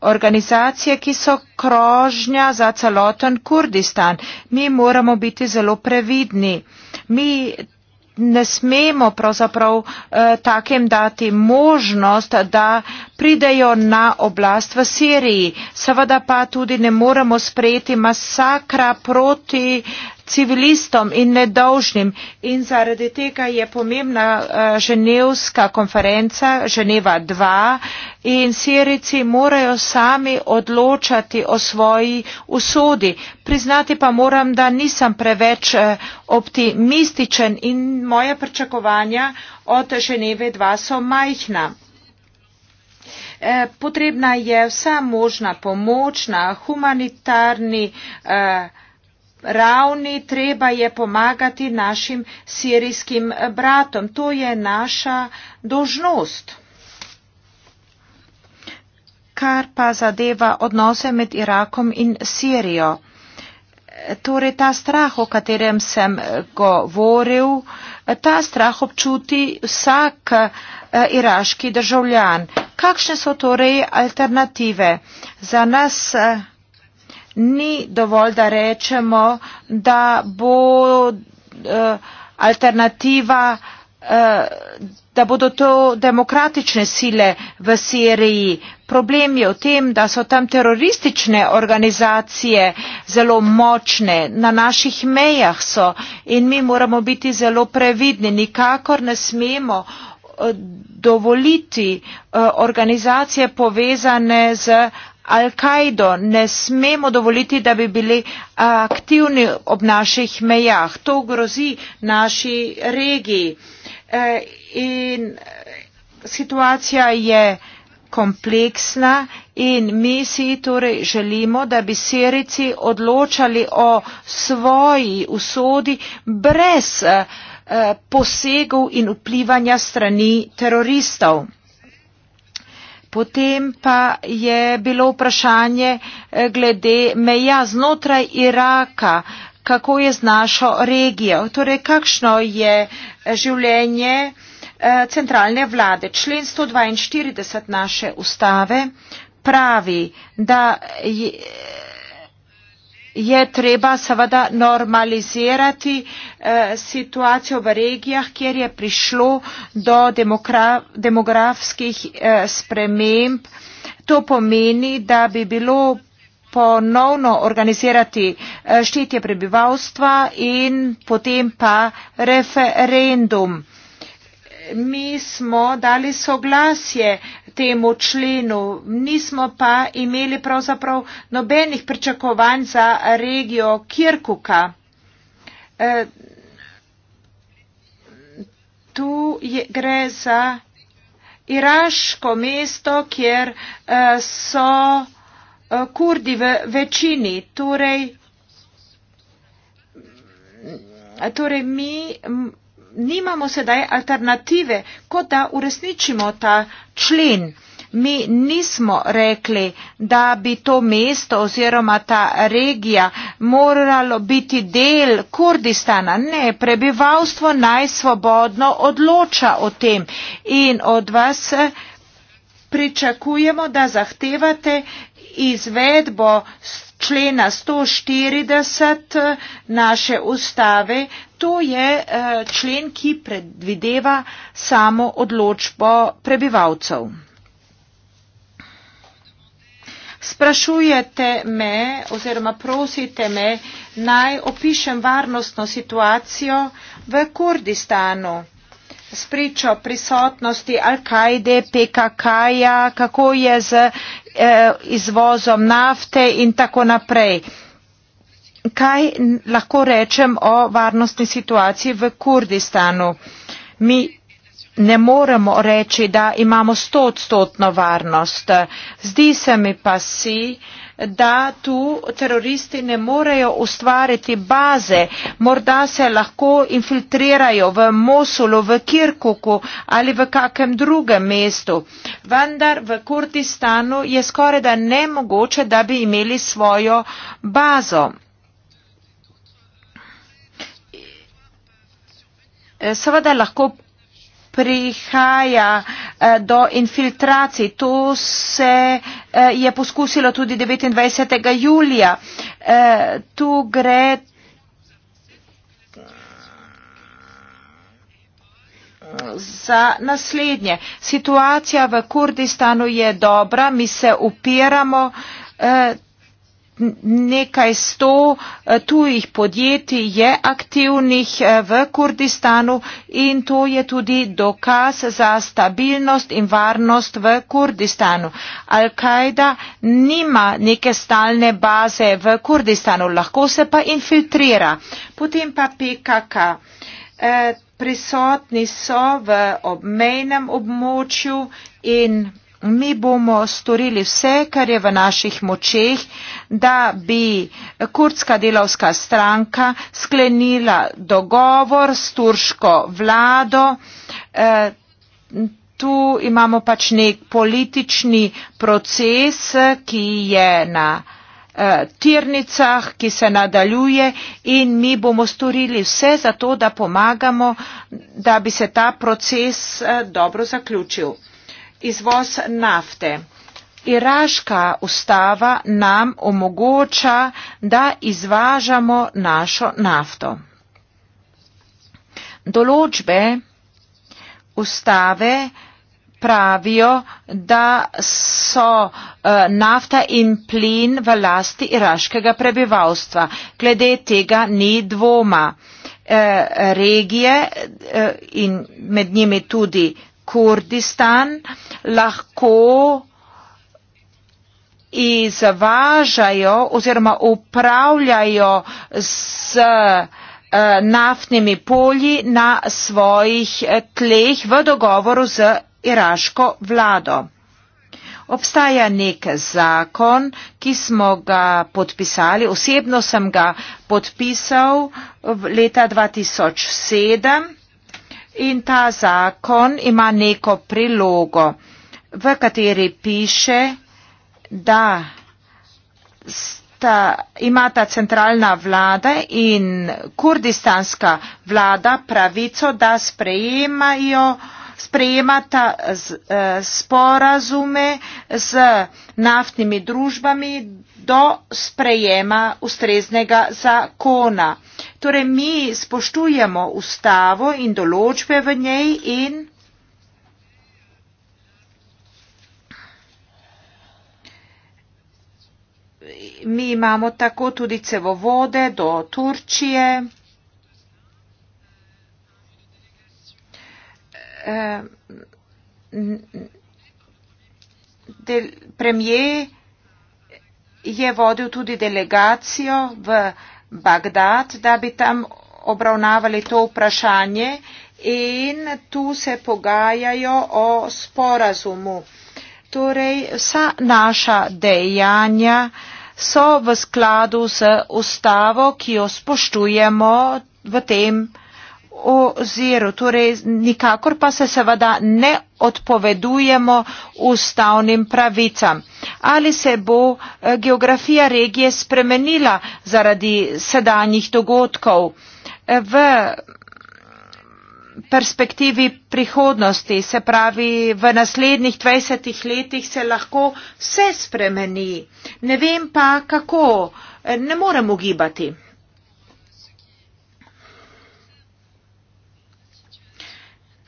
organizacije, ki so krožnja za celoten Kurdistan. Mi moramo biti zelo previdni. Mi ne smemo pravzaprav eh, takem dati možnost, da pridejo na oblast v Siriji. Seveda pa tudi ne moremo sprejeti masakra proti civilistom in nedolžnim in zaradi tega je pomembna eh, ženevska konferenca Ženeva 2 in sirici morajo sami odločati o svoji usodi. Priznati pa moram, da nisem preveč eh, optimističen in moja pričakovanja od Ženeve 2 so majhna. Eh, potrebna je vsa možna pomoč na humanitarni eh, ravni treba je pomagati našim sirijskim bratom. To je naša dožnost. Kar pa zadeva odnose med Irakom in Sirijo. Torej ta strah, o katerem sem eh, govoril, eh, ta strah občuti vsak eh, iraški državljan. Kakšne so torej alternative? Za nas ni dovolj, da rečemo, da bo eh, alternativa, eh, da bodo to demokratične sile v Siriji. Problem je v tem, da so tam teroristične organizacije zelo močne, na naših mejah so in mi moramo biti zelo previdni, nikakor ne smemo eh, dovoliti eh, organizacije povezane z Al Kaido ne smemo dovoliti, da bi bili aktivni ob naših mejah. To grozi naši regiji. E, in situacija je kompleksna in mi si torej želimo, da bi serici odločali o svoji usodi brez e, posegov in vplivanja strani teroristov. Potem pa je bilo vprašanje eh, glede meja znotraj Iraka, kako je z našo regijo, torej kakšno je eh, življenje eh, centralne vlade. Člen 142 naše ustave pravi, da je je treba seveda normalizirati eh, situacijo v regijah, kjer je prišlo do demografskih eh, sprememb. To pomeni, da bi bilo ponovno organizirati eh, štetje prebivalstva in potem pa referendum. Mi smo dali soglasje temu členu. Nismo pa imeli pravzaprav nobenih pričakovanj za regijo Kirkuka. Eh, tu je, gre za iraško mesto, kjer eh, so eh, kurdi v večini. Torej, torej mi nimamo sedaj alternative, kot da uresničimo ta člen. Mi nismo rekli, da bi to mesto oziroma ta regija moralo biti del Kurdistana. Ne, prebivalstvo naj svobodno odloča o tem in od vas pričakujemo, da zahtevate izvedbo člena 140 naše ustave, to je eh, člen, ki predvideva samo odločbo prebivalcev. Sprašujete me oziroma prosite me, naj opišem varnostno situacijo v Kurdistanu s pričo prisotnosti Al-Kaide, PKK-ja, kako je z eh, izvozom nafte in tako naprej. Eh, kaj lahko rečem o varnostni situaciji v Kurdistanu? Mi ne moremo reči, da imamo stotstotno varnost. Zdi se mi pa si, da tu teroristi ne morejo ustvariti baze. Morda se lahko infiltrirajo v Mosulu, v Kirkuku ali v kakem drugem mestu. Vendar v Kurdistanu je skoraj da nemogoče, da bi imeli svojo bazo. Eh, seveda lahko prihaja eh, do infiltracij. To se eh, je poskusilo tudi 29. julija. Tu gre za naslednje. Situacija v Kurdistanu je dobra, mi se upiramo nekaj sto eh, tujih podjetij je aktivnih eh, v Kurdistanu in to je tudi dokaz za stabilnost in varnost v Kurdistanu. Al-Kaida nima neke stalne baze v Kurdistanu, lahko se pa infiltrira. Potem pa PKK. Eh, prisotni so v obmejnem območju in Mi bomo storili vse, kar je v naših močeh, da bi kurdska delovska stranka sklenila dogovor s turško vlado. E, tu imamo pač nek politični proces, ki je na e, tirnicah, ki se nadaljuje in mi bomo storili vse za to, da pomagamo, da bi se ta proces e, dobro zaključil izvoz nafte. Iraška ustava nam omogoča, da izvažamo našo nafto. Določbe ustave pravijo, da so eh, nafta in plin v lasti iraškega prebivalstva. Glede tega ni dvoma. Eh, regije eh, in med njimi tudi Kurdistan lahko izvažajo oziroma upravljajo z eh, naftnimi polji na svojih eh, tleh v dogovoru z iraško vlado. Obstaja nek zakon, ki smo ga podpisali, osebno sem ga podpisal leta 2007 in ta zakon ima neko prilogo, v kateri piše, da sta, imata centralna vlada in kurdistanska vlada pravico, da sprejemajo sprejemata eh, sporazume z naftnimi družbami do sprejema ustreznega zakona. Torej, mi spoštujemo ustavo in določbe v njej in mi imamo tako tudi cevovode do Turčije. Premijer je vodil tudi delegacijo v Bagdad, da bi tam obravnavali to vprašanje in tu se pogajajo o sporazumu. Torej, vsa naša dejanja so v skladu z ustavo, ki jo spoštujemo v tem oziru. Torej, nikakor pa se seveda ne odpovedujemo ustavnim pravicam. Ali se bo eh, geografija regije spremenila zaradi sedanjih dogodkov? Eh, v perspektivi prihodnosti, se pravi v naslednjih 20 letih, se lahko vse spremeni. Ne vem pa, kako. Eh, ne morem ugibati.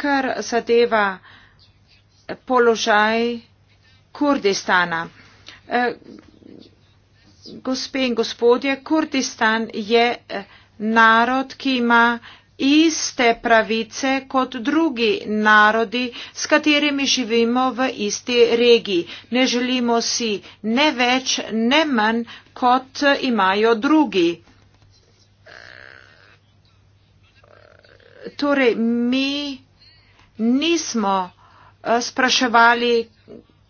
kar zadeva položaj Kurdistana. Eh, gospe in gospodje, Kurdistan je eh, narod, ki ima iste pravice kot drugi narodi, s katerimi živimo v isti regiji. Ne želimo si ne več, ne manj, kot imajo drugi. Torej, mi nismo eh, spraševali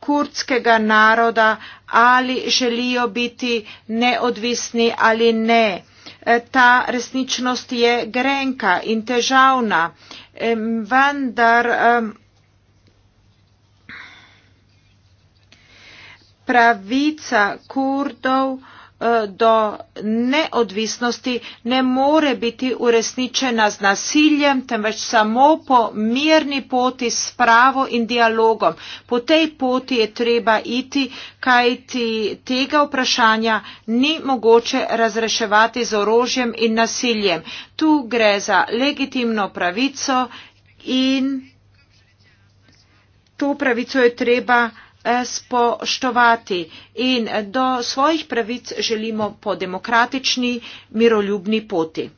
kurdskega naroda, ali želijo biti neodvisni ali ne. Eh, ta resničnost je grenka in težavna, vendar pravica kurdov Eh, do neodvisnosti ne more biti uresničena z nasiljem, temveč samo po mirni poti s pravo in dialogom. Po tej poti je treba iti, kajti tega vprašanja ni mogoče razreševati z orožjem in nasiljem. Tu gre za legitimno pravico in to pravico je treba Eh, spoštovati in do svojih pravic želimo po demokratični, miroljubni poti.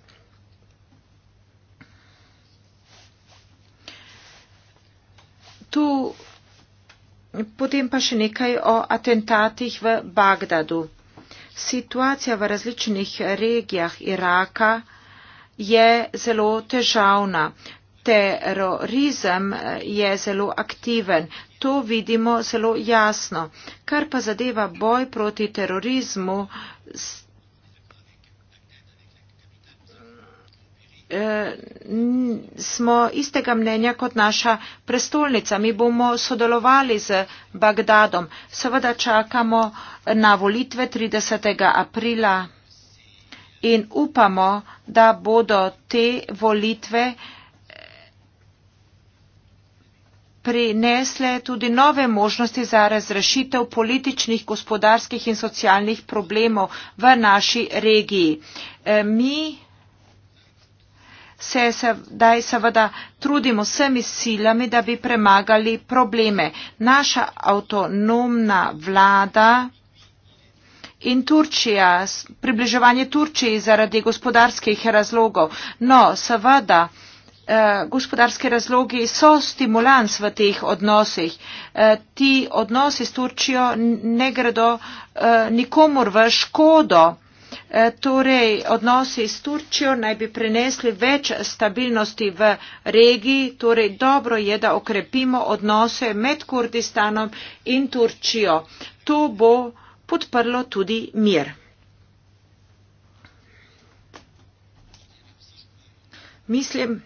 Tu potem pa še nekaj o atentatih v Bagdadu. Situacija v različnih regijah Iraka je zelo težavna. Terorizem eh, je zelo aktiven. To vidimo zelo jasno. Kar pa zadeva boj proti terorizmu, eh, smo istega mnenja kot naša prestolnica. Mi bomo sodelovali z Bagdadom. Seveda čakamo na volitve 30. aprila in upamo, da bodo te volitve. Eh, prinesle tudi nove možnosti za razrešitev političnih, gospodarskih in socialnih problemov v naši regiji. E, mi se sedaj seveda trudimo vsemi silami, da bi premagali probleme. Naša avtonomna vlada in Turčija, približevanje Turčiji zaradi gospodarskih razlogov. No, seveda, Eh, gospodarske razlogi so stimulans v teh odnosih. Eh, ti odnosi s Turčijo ne gredo eh, nikomor v škodo. Torej, odnosi s Turčijo naj bi prenesli več stabilnosti v regiji, torej dobro je, da okrepimo odnose med Kurdistanom in Turčijo. To bo podprlo tudi mir. Mislim,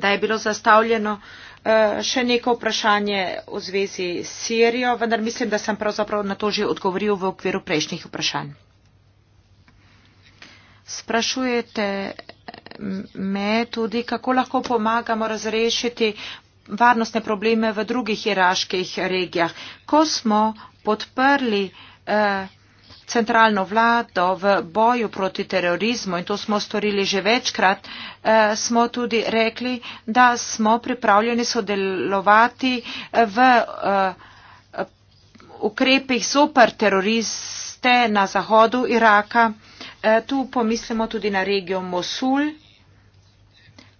da je bilo zastavljeno eh, še neko vprašanje v zvezi s Sirijo, vendar mislim, da sem pravzaprav na to že odgovoril v okviru prejšnjih vprašanj. Sprašujete me tudi, kako lahko pomagamo razrešiti varnostne probleme v drugih iraških regijah. Ko smo podprli eh, centralno vlado v boju proti terorizmu in to smo storili že večkrat, eh, smo tudi rekli, da smo pripravljeni sodelovati eh, v eh, ukrepih zoper teroriste na zahodu Iraka. Tu pomislimo tudi na regijo Mosul.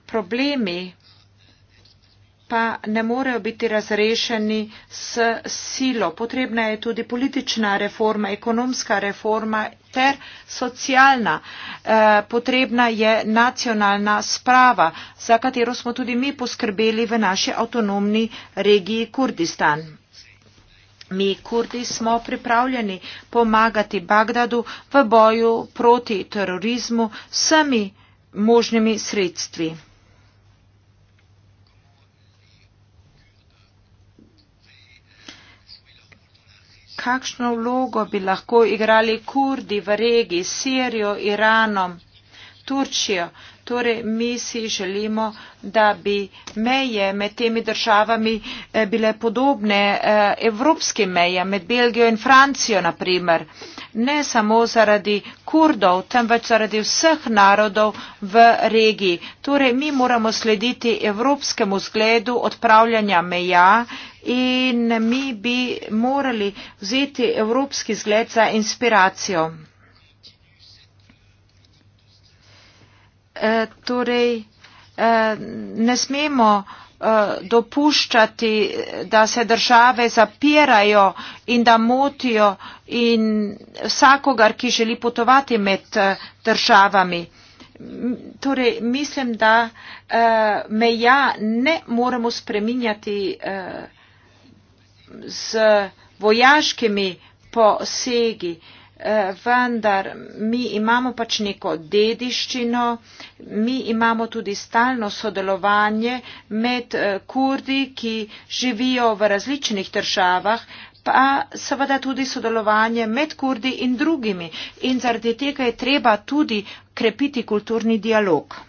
Problemi pa ne morejo biti razrešeni s silo. Potrebna je tudi politična reforma, ekonomska reforma ter socialna. E, potrebna je nacionalna sprava, za katero smo tudi mi poskrbeli v naši avtonomni regiji Kurdistan. Mi, Kurdi, smo pripravljeni pomagati Bagdadu v boju proti terorizmu s vsemi možnimi sredstvi. kakšno vlogo bi lahko igrali kurdi v regiji, Sirijo, Iranom, Turčijo. Torej, mi si želimo, da bi meje med temi državami eh, bile podobne eh, evropskim mejam, med Belgijo in Francijo, naprimer ne samo zaradi kurdov, temveč zaradi vseh narodov v regiji. Torej, mi moramo slediti evropskemu zgledu odpravljanja meja in mi bi morali vzeti evropski zgled za inspiracijo. E, torej, e, ne smemo. E, Eh, dopuščati, da se države zapirajo in da motijo in vsakogar, ki želi potovati med eh, državami. Torej, mislim, da uh, meja ne moremo spreminjati uh, z vojaškimi posegi. Uh, vendar mi imamo pač neko dediščino, mi imamo tudi stalno sodelovanje med eh, kurdi, ki živijo v različnih državah, pa seveda tudi sodelovanje med kurdi in drugimi. In zaradi tega je treba tudi krepiti kulturni dialog.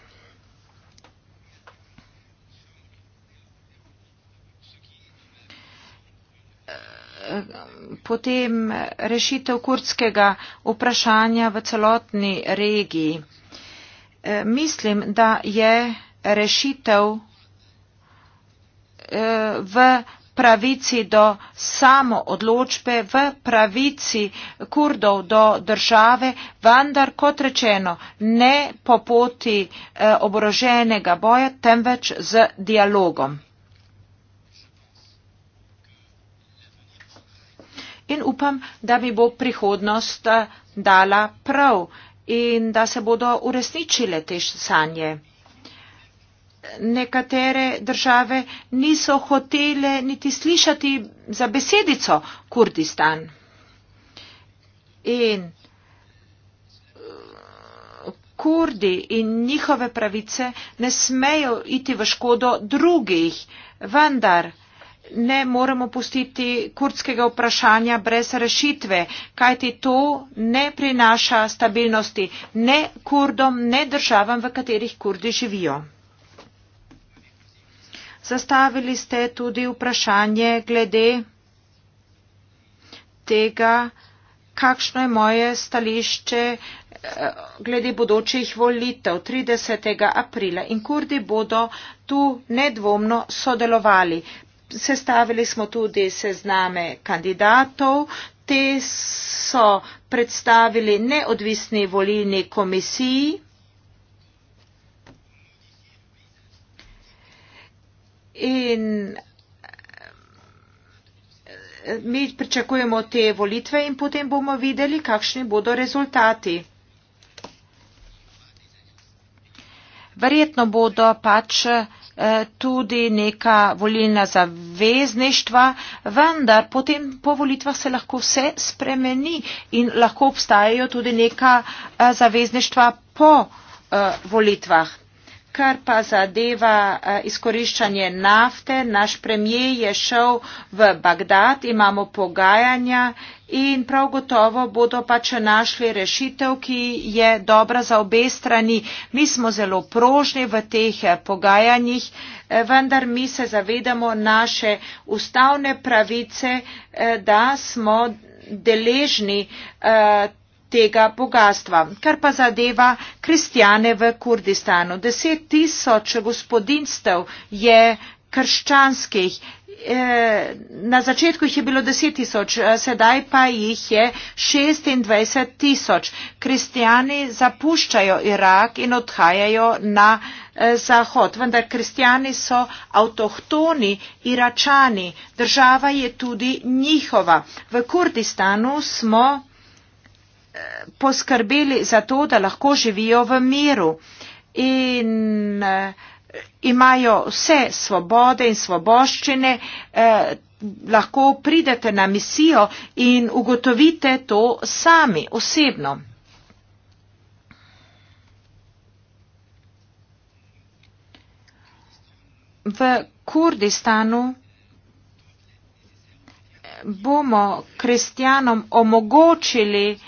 potem rešitev kurdskega vprašanja v celotni regiji. E, mislim, da je rešitev e, v pravici do samoodločbe, v pravici kurdov do države, vendar, kot rečeno, ne po poti e, oboroženega boja, temveč z dialogom. in upam, da mi bo prihodnost eh, dala prav in da se bodo uresničile te sanje. Nekatere države niso hotele niti slišati za besedico Kurdistan. In eh, Kurdi in njihove pravice ne smejo iti v škodo drugih, vendar ne moremo pustiti kurdskega vprašanja brez rešitve, kajti to ne prinaša stabilnosti ne kurdom, ne državam, v katerih kurdi živijo. Zastavili ste tudi vprašanje glede tega, kakšno je moje stališče eh, glede bodočih volitev 30. aprila. In kurdi bodo tu nedvomno sodelovali sestavili smo tudi sezname kandidatov. Te so predstavili neodvisni volilni komisiji. In eh, mi pričakujemo te volitve in potem bomo videli, kakšni bodo rezultati. Verjetno bodo pač Eh, tudi neka volilna zavezništva, vendar potem po volitvah se lahko vse spremeni in lahko obstajajo tudi neka eh, zavezništva po eh, volitvah. Kar pa zadeva izkoriščanje nafte, naš premije je šel v Bagdad, imamo pogajanja in prav gotovo bodo pač našli rešitev, ki je dobra za obe strani. Mi smo zelo prožni v teh eh, pogajanjih, eh, vendar mi se zavedamo naše ustavne pravice, eh, da smo deležni tega bogatstva. Kar pa zadeva kristjane v Kurdistanu. Deset tisoč gospodinstev je krščanskih na začetku jih je bilo 10 tisoč, sedaj pa jih je 26 tisoč. Kristijani zapuščajo Irak in odhajajo na eh, zahod, vendar kristijani so avtohtoni iračani, država je tudi njihova. V Kurdistanu smo eh, poskrbeli za to, da lahko živijo v miru. In, uh, imajo vse svobode in svoboščine, eh, lahko pridete na misijo in ugotovite to sami osebno. V Kurdistanu bomo kristjanom omogočili,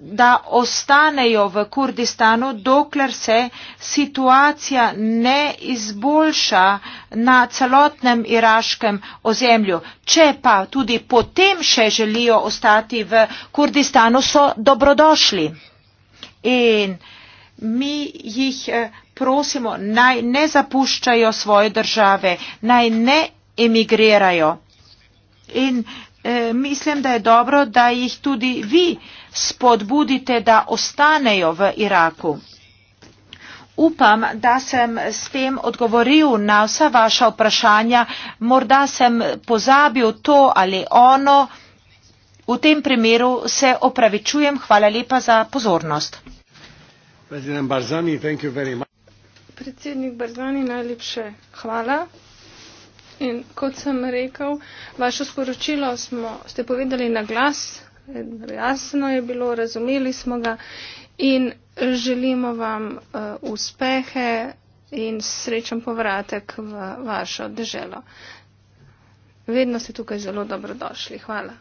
da ostanejo v Kurdistanu, dokler se situacija ne izboljša na celotnem iraškem ozemlju. Če pa tudi potem še želijo ostati v Kurdistanu, so dobrodošli. In mi jih eh, prosimo, naj ne zapuščajo svoje države, naj ne emigrirajo. In eh, mislim, da je dobro, da jih tudi vi eh, spodbudite, da ostanejo v Iraku. Upam, da sem s tem odgovoril na vsa vaša vprašanja. Morda sem pozabil to ali ono. V tem primeru se opravičujem. Hvala lepa za pozornost. Predsednik Barzani, najlepše hvala. In kot sem rekel, vaše sporočilo smo, ste povedali na glas, jasno je bilo, razumeli smo ga in želimo vam uh, uspehe in srečen povratek v vašo deželo. Vedno ste tukaj zelo dobrodošli. Hvala.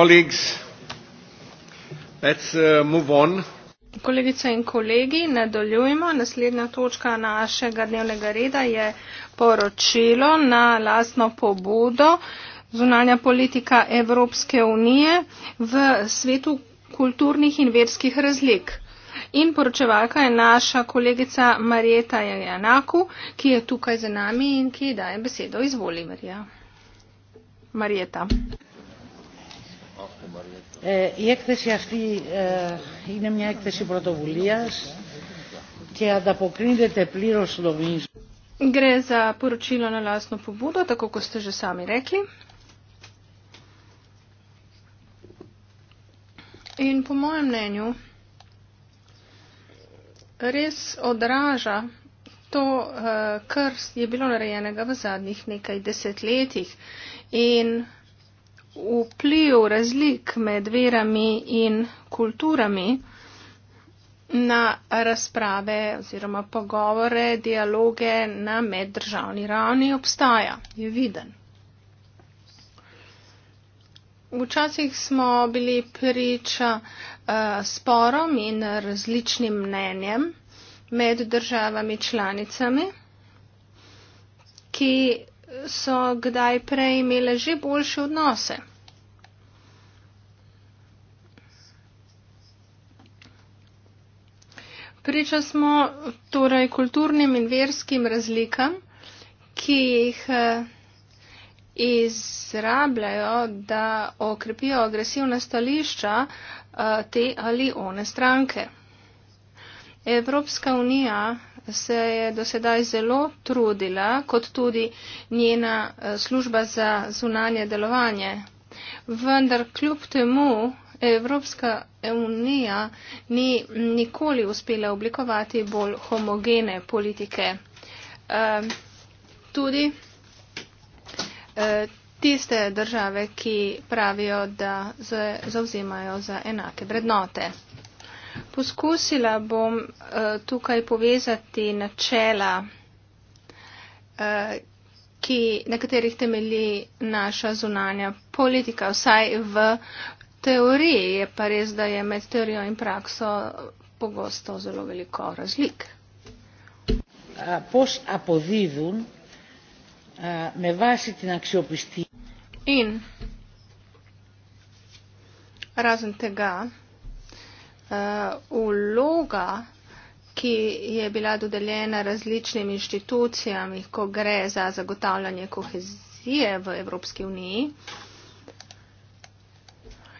colleagues, let's uh, move on. Kolegice in kolegi, nadaljujemo. Naslednja točka našega dnevnega reda je poročilo na lastno pobudo zunanja politika Evropske unije v svetu kulturnih in verskih razlik. In poročevalka je naša kolegica Marjeta Janaku, ki je tukaj za nami in ki daje besedo. Izvoli, Marija. Marjeta. Marjeta η έκθεση αυτή είναι μια έκθεση πρωτοβουλίας και ανταποκρίνεται πλήρως νομίζω. Γκρέ ζα πουρουτσίλο να λάσνο πουμπούτο, τα κοκοστέ ζε σάμι ρέκλι. In po mojem mnenju res odraža to, eh, kar je bilo narejenega v zadnjih nekaj desetletjih in vpliv razlik med verami in kulturami na razprave oziroma pogovore, dialoge na meddržavni ravni obstaja, je viden. Včasih smo bili priča uh, sporom in različnim mnenjem med državami članicami, ki so kdaj prej imele že boljše odnose. Priča smo torej kulturnim in verskim razlikam, ki jih eh, izrabljajo, da okrepijo agresivna stališča eh, te ali one stranke. Evropska unija se je dosedaj zelo trudila, kot tudi njena eh, služba za zunanje delovanje. Vendar kljub temu Evropska unija ni nikoli uspela oblikovati bolj homogene politike. E, tudi e, tiste države, ki pravijo, da zauzemajo za enake vrednote. Poskusila bom uh, tukaj povezati načela, uh, ki, na katerih temelji naša zunanja politika, vsaj v teoriji. Je pa res, da je med teorijo in prakso pogosto zelo veliko razlik. In razen tega, Eh, vloga, ki je bila dodeljena različnim inštitucijam, ko gre za zagotavljanje kohezije v Evropski uniji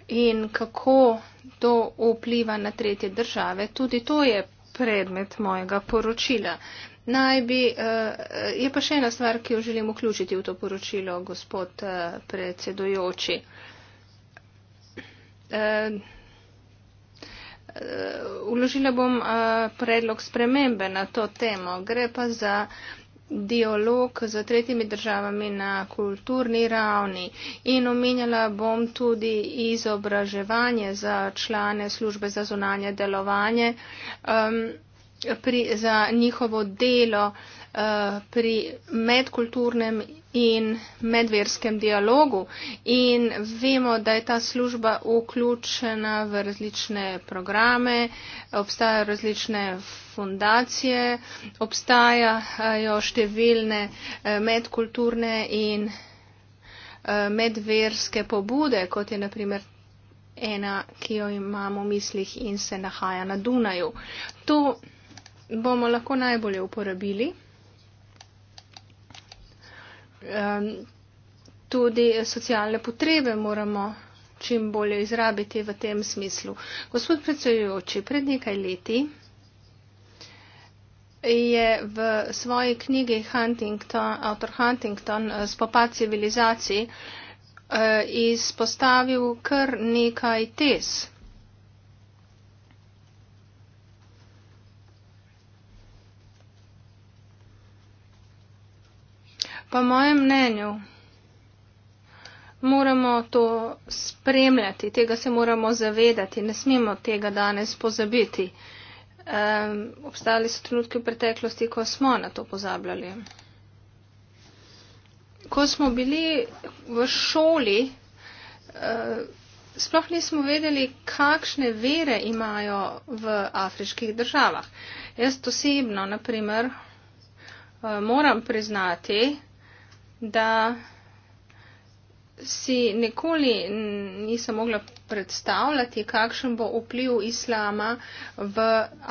in kako to vpliva na tretje države, tudi to je predmet mojega poročila. Naj bi, eh, je pa še ena stvar, ki jo želim vključiti v to poročilo, gospod eh, predsedujoči. Eh, uložila bom eh, predlog spremembe na to temo. Gre pa za dialog z tretjimi državami na kulturni ravni in omenjala bom tudi izobraževanje za člane službe za zunanje delovanje um, pri, za njihovo delo uh, pri medkulturnem izobraževanju in medverskem dialogu. In vemo, da je ta služba vključena v različne programe, obstajajo različne fundacije, obstajajo številne eh, medkulturne in eh, medverske pobude, kot je naprimer ena, ki jo imamo v mislih in se nahaja na Dunaju. To bomo lahko najbolje uporabili um, tudi socialne potrebe moramo čim bolje izrabiti v tem smislu. Gospod predsedujoči, pred nekaj leti je v svoji knjigi Huntington, avtor Huntington eh, Spopad civilizacij eh, izpostavil kar nekaj tez Po mojem mnenju moramo to spremljati, tega se moramo zavedati, ne smemo tega danes pozabiti. Um, obstali so trenutki v preteklosti, ko smo na to pozabljali. Ko smo bili v šoli, uh, sploh nismo vedeli, kakšne vere imajo v afriških državah. Jaz osebno, naprimer, uh, eh, moram priznati, da si nikoli nisem mogla predstavljati, kakšen bo vpliv islama v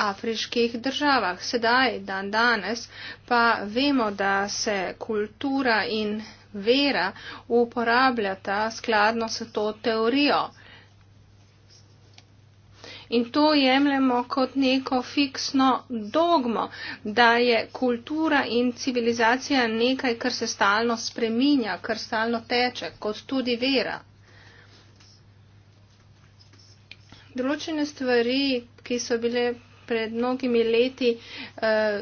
afriških državah. Sedaj, dan danes, pa vemo, da se kultura in vera uporabljata skladno s to teorijo. In to jemljemo kot neko fiksno dogmo, da je kultura in civilizacija nekaj, kar se stalno spreminja, kar stalno teče, kot tudi vera. Določene stvari, ki so bile pred mnogimi leti eh,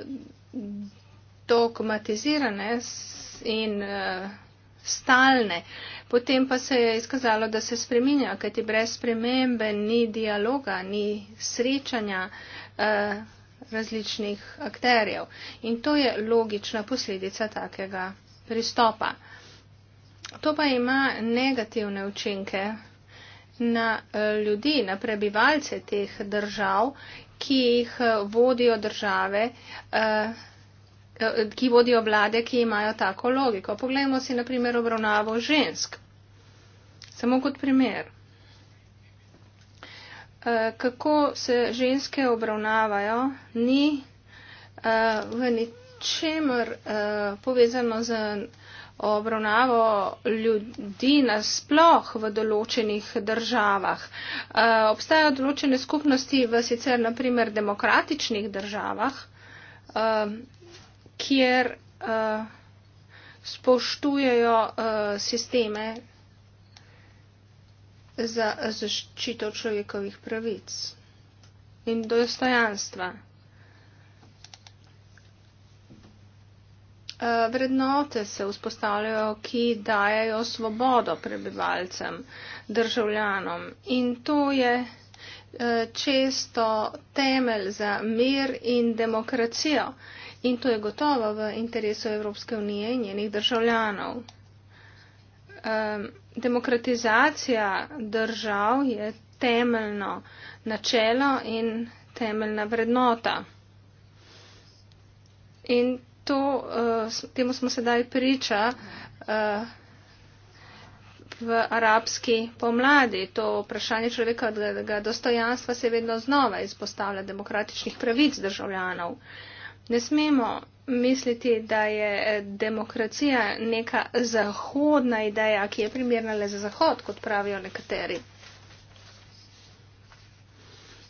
dogmatizirane in eh, stalne, eh, Potem pa se je izkazalo, da se spreminja, kajti brez spremembe ni dialoga, ni srečanja eh, različnih akterjev. In to je logična posledica takega pristopa. To pa ima negativne učinke na eh, ljudi, na prebivalce teh držav, ki jih eh, vodijo države, eh, ki vodijo vlade, ki imajo tako logiko. Poglejmo si naprimer obravnavo žensk. Samo kot primer. Eh, kako se ženske obravnavajo, ni eh, v ničemer eh, povezano z obravnavo ljudi nasploh v določenih državah. Obstajajo določene skupnosti v sicer naprimer demokratičnih državah, kjer spoštujejo sisteme za zaščito človekovih pravic in dostojanstva. Eh, vrednote se vzpostavljajo, ki dajajo svobodo prebivalcem, državljanom in to je eh, često temelj za mir in demokracijo. In to je gotovo v interesu Evropske unije in njenih državljanov demokratizacija držav je temeljno načelo in temeljna vrednota. In to, eh, temu smo sedaj priča eh, v arabski pomladi. To vprašanje človeka dostojanstva se vedno znova izpostavlja demokratičnih pravic državljanov. Ne smemo misliti, da je eh, demokracija neka zahodna ideja, ki je primerna le za zahod, kot pravijo nekateri.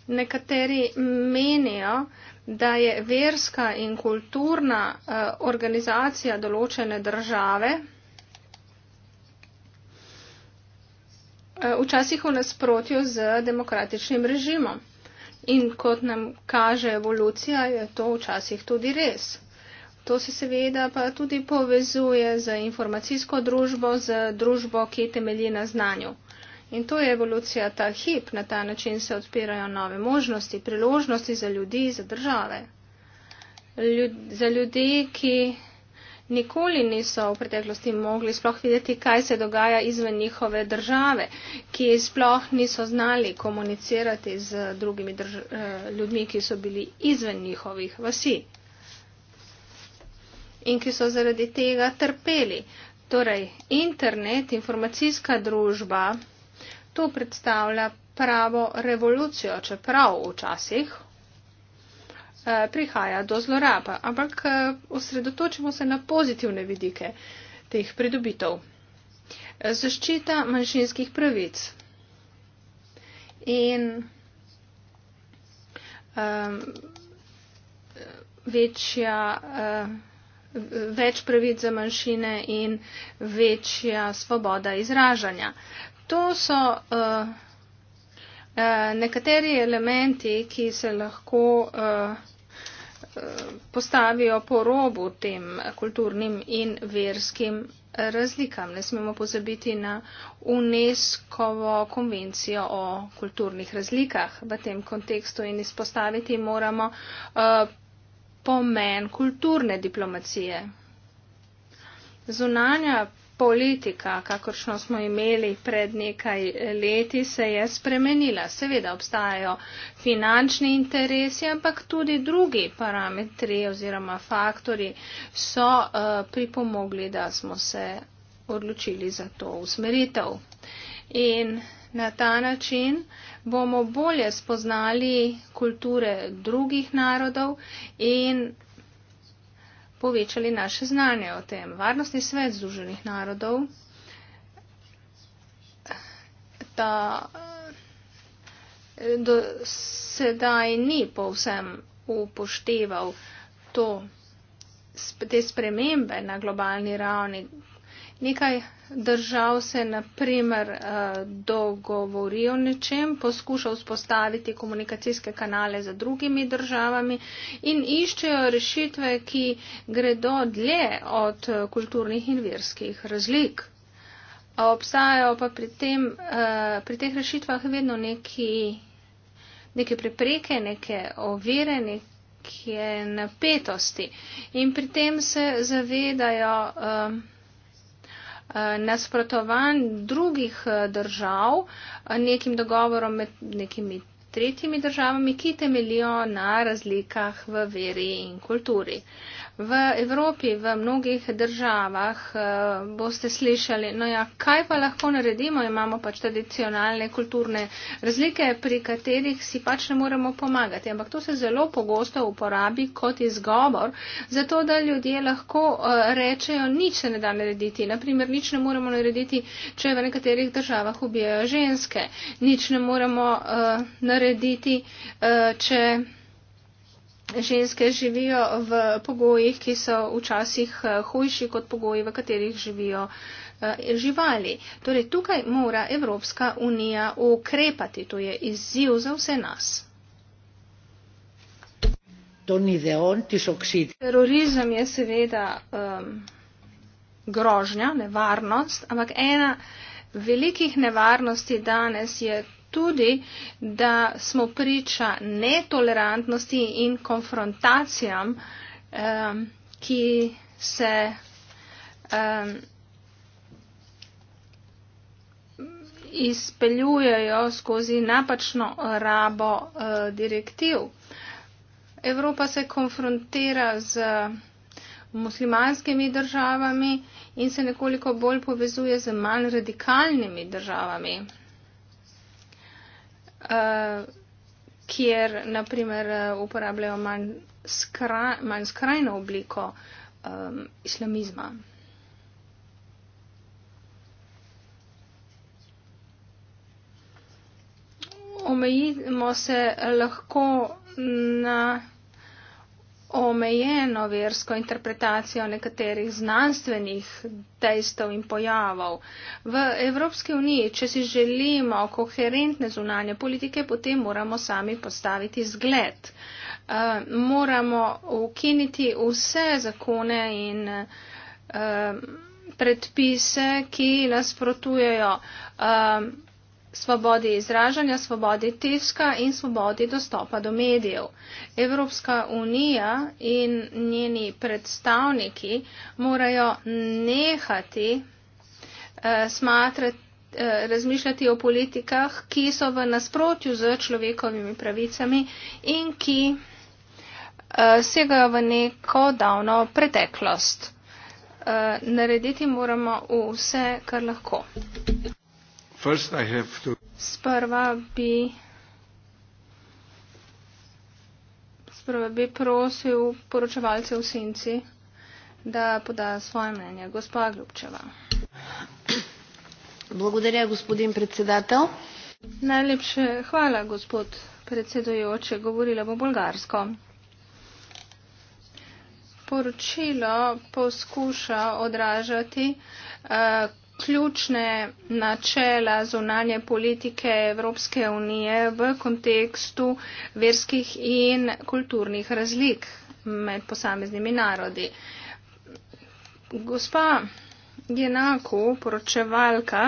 Nekateri menijo, da je verska in kulturna eh, organizacija določene države eh, včasih v nasprotju z demokratičnim režimom. In kot nam kaže evolucija, je to včasih tudi res. To se seveda pa tudi povezuje z informacijsko družbo, z družbo, ki temelji na znanju. In to je evolucija ta hip, na ta način se odpirajo nove možnosti, priložnosti za ljudi, za države. Ljud, za ljudi, ki nikoli niso v preteklosti mogli sploh videti, kaj se dogaja izven njihove države, ki sploh niso znali komunicirati z drugimi drž eh, ljudmi, ki so bili izven njihovih vasi in ki so zaradi tega trpeli. Torej, internet, informacijska družba, to predstavlja pravo revolucijo, čeprav včasih Eh, prihaja do zloraba, ampak eh, osredotočimo se na pozitivne vidike teh pridobitev. Zaščita manjšinskih pravic. In um, večja, uh, več pravic za manjšine in večja svoboda izražanja. To so uh, uh, nekateri elementi, ki se lahko uh, postavijo po robu tem kulturnim in verskim razlikam. Ne smemo pozabiti na UNESCO konvencijo o kulturnih razlikah v tem kontekstu in izpostaviti moramo eh, pomen kulturne diplomacije. Zunanja politika, kakršno smo imeli pred nekaj leti, se je spremenila. Seveda obstajajo finančni interesi, ampak tudi drugi parametri oziroma faktori so uh, pripomogli, da smo se odločili za to usmeritev. In na ta način bomo bolje spoznali kulture drugih narodov in povečali naše znanje o tem. Varnostni svet Združenih narodov, ta do sedaj ni povsem upošteval to, te spremembe na globalni ravni, Nekaj držav se naprimer eh, dogovori o nečem, poskuša vzpostaviti komunikacijske kanale za drugimi državami in iščejo rešitve, ki gredo dlje od eh, kulturnih in verskih razlik. Obstajajo pa pri, tem, eh, pri teh rešitvah vedno neki, neke prepreke, neke ovire, neke napetosti in pri tem se zavedajo, Eh, nasprotovanj drugih eh, držav eh, nekim dogovorom med nekimi tretjimi državami, ki temelijo na razlikah v veri in kulturi. V Evropi, v mnogih državah eh, boste slišali, no ja, kaj pa lahko naredimo, imamo pač tradicionalne kulturne razlike, pri katerih si pač ne moremo pomagati. Ampak to se zelo pogosto uporabi kot izgovor, zato da ljudje lahko eh, rečejo, nič se ne da narediti. Naprimer, nič ne moremo narediti, če v nekaterih državah ubijajo ženske. Nič ne moremo uh, narediti, uh, če ženske živijo v pogojih, ki so včasih eh, hujši kot pogoji, v katerih živijo eh, živali. Torej, tukaj mora Evropska unija ukrepati, to je izziv za vse nas. Terorizem je seveda um, grožnja, nevarnost, ampak ena velikih nevarnosti danes je tudi, da smo priča netolerantnosti in konfrontacijam, um, ki se um, izpeljujejo skozi napačno rabo uh, direktiv. Evropa se konfrontira z muslimanskimi državami in se nekoliko bolj povezuje z manj radikalnimi državami uh, kjer naprimer eh, uporabljajo manj, skra, manj skrajno obliko um, islamizma. Omejimo se lahko na omejeno versko interpretacijo nekaterih znanstvenih dejstev in pojavov. V Evropski uniji, če si želimo koherentne zunanje politike, potem moramo sami postaviti zgled. Eh, moramo ukiniti vse zakone in eh, predpise, ki nasprotujejo eh, svobodi izražanja, svobodi tiska in svobodi dostopa do medijev. Evropska unija in njeni predstavniki morajo nehati eh, smatrati, eh, razmišljati o politikah, ki so v nasprotju z človekovimi pravicami in ki eh, segajo v neko davno preteklost. Eh, narediti moramo vse, kar lahko. Sprva bi, sprva bi prosil poročevalce v Sinci, da poda svoje mnenje. Gospa Ljubčeva. Благодаря, господин председател. Najlepše hvala, gospod predsedujoče. Govorila bom bolgarsko. Poročilo poskuša odražati uh, ključne načela zunanje politike Evropske unije v kontekstu verskih in kulturnih razlik med posameznimi narodi. Gospa Genaku, poročevalka,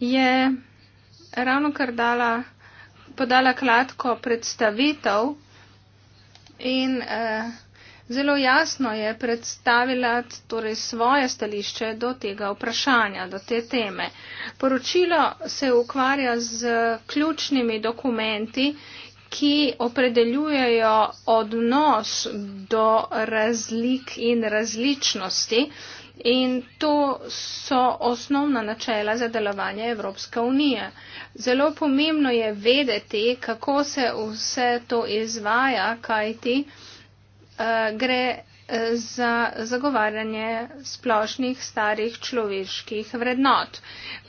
je ravno kar dala, podala kladko predstavitev in eh, zelo jasno je predstavila torej svoje stališče do tega vprašanja, do te teme. Poročilo se ukvarja z ključnimi dokumenti, ki opredeljujejo odnos do razlik in različnosti in to so osnovna načela za delovanje Evropske unije. Zelo pomembno je vedeti, kako se vse to izvaja, kajti Eh, gre eh, za zagovarjanje splošnih starih človeških vrednot.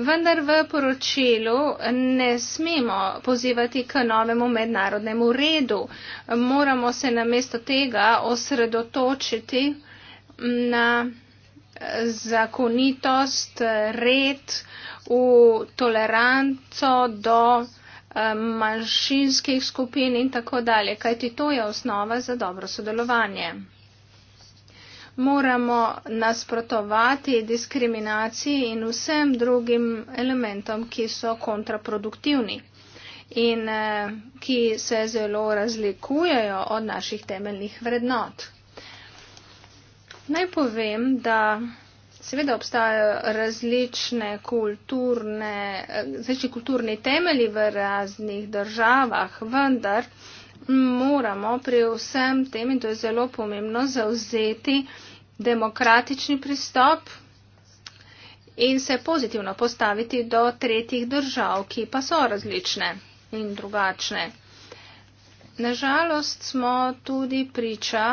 Vendar v poročilu ne smemo pozivati k novemu mednarodnemu redu. Moramo se namesto tega osredotočiti na eh, zakonitost, red, v toleranco do. Eh, manjšinskih skupin in tako dalje, kajti to je osnova za dobro sodelovanje. Moramo nasprotovati diskriminaciji in vsem drugim elementom, ki so kontraproduktivni in eh, ki se zelo razlikujejo od naših temeljnih vrednot. Naj povem, da Seveda obstajajo različne kulturne, različni kulturni temelji v raznih državah, vendar moramo pri vsem tem, in to je zelo pomembno, zauzeti demokratični pristop in se pozitivno postaviti do tretjih držav, ki pa so različne in drugačne. Nažalost smo tudi priča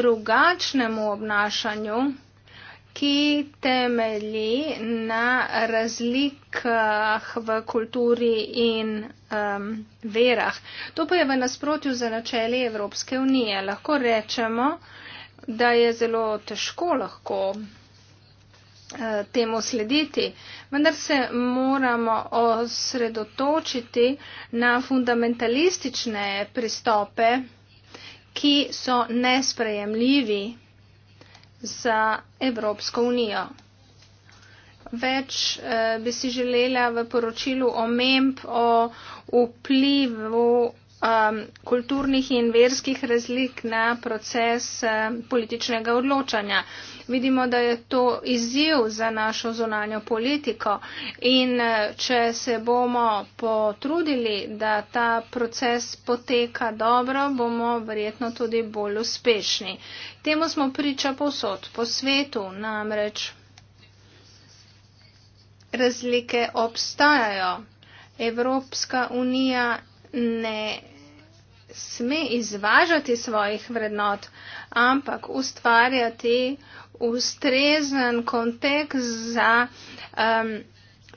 drugačnemu obnašanju, ki temelji na razlikah v kulturi in um, verah. To pa je v nasprotju za načeli Evropske unije. Lahko rečemo, da je zelo težko lahko e, temu slediti, vendar se moramo osredotočiti na fundamentalistične pristope, ki so nesprejemljivi za Evropsko unijo. Več eh, bi si želela v poročilu omemb o vplivu um, kulturnih in verskih razlik na proces um, političnega odločanja. Vidimo, da je to izziv za našo zunanjo politiko in uh, če se bomo potrudili, da ta proces poteka dobro, bomo verjetno tudi bolj uspešni. Temu smo priča posod, po svetu namreč. Razlike obstajajo. Evropska unija ne sme izvažati svojih vrednot, ampak ustvarjati ustrezen kontekst za um,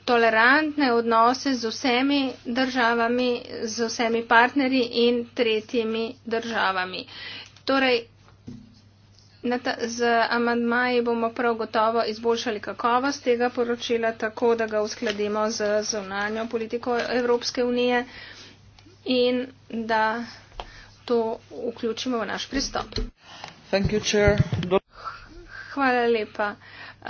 tolerantne odnose z vsemi državami, z vsemi partnerji in tretjimi državami. Torej, ta, z amandmaji bomo prav gotovo izboljšali kakovost tega poročila, tako da ga uskladimo z zunanjo politiko Evropske unije in da to vključimo v naš pristop. You, Hvala lepa. Uh,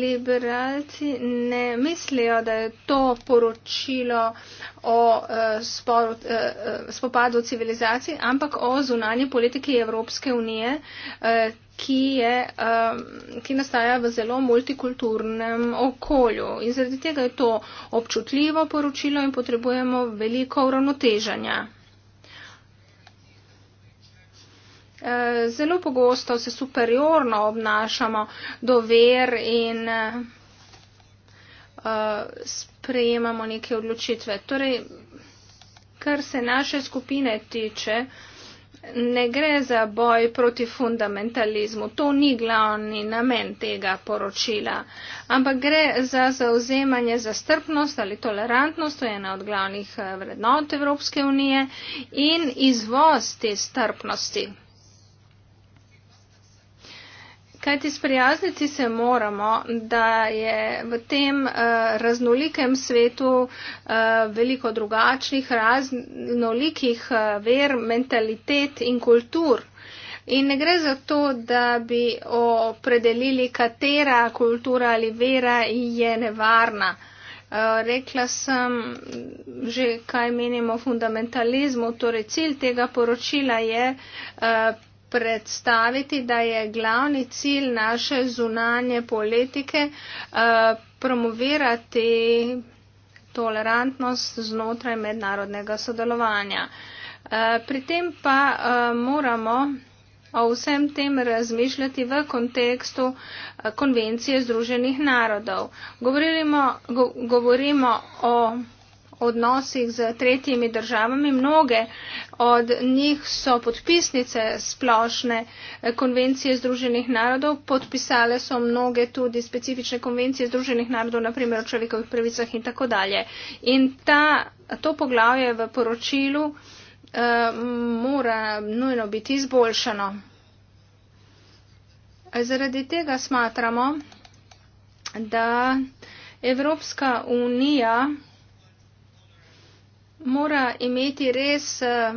liberalci ne mislijo, da je to poročilo o uh, eh, spor, uh, eh, spopadu civilizacij, ampak o zunanji politiki Evropske unije, uh, ki, je, uh, ki nastaja v zelo multikulturnem okolju. In zaradi tega je to občutljivo poročilo in potrebujemo veliko uravnoteženja. Eh, zelo pogosto se superiorno obnašamo do ver in eh, sprejemamo neke odločitve. Torej, kar se naše skupine tiče, ne gre za boj proti fundamentalizmu. To ni glavni namen tega poročila, ampak gre za zauzemanje za strpnost ali tolerantnost, to je ena od glavnih eh, vrednot Evropske unije, in izvoz te strpnosti. Kajti sprijazniti se moramo, da je v tem uh, raznolikem svetu uh, veliko drugačnih, raznolikih uh, ver, mentalitet in kultur. In ne gre za to, da bi opredelili, katera kultura ali vera je nevarna. Rekla sem že, kaj menimo o fundamentalizmu, torej cilj tega poročila je predstaviti, da je glavni cilj naše zunanje politike eh, promovirati tolerantnost znotraj mednarodnega sodelovanja. Eh, pri tem pa eh, moramo o vsem tem razmišljati v kontekstu konvencije Združenih narodov. Govorimo, go, govorimo o odnosih z tretjimi državami. Mnoge od njih so podpisnice splošne konvencije Združenih narodov, podpisale so mnoge tudi specifične konvencije Združenih narodov, naprimer o človekovih pravicah in tako dalje. In ta, to poglavje v poročilu eh, mora nujno biti izboljšano. Zaradi tega smatramo, da Evropska unija mora imeti res uh,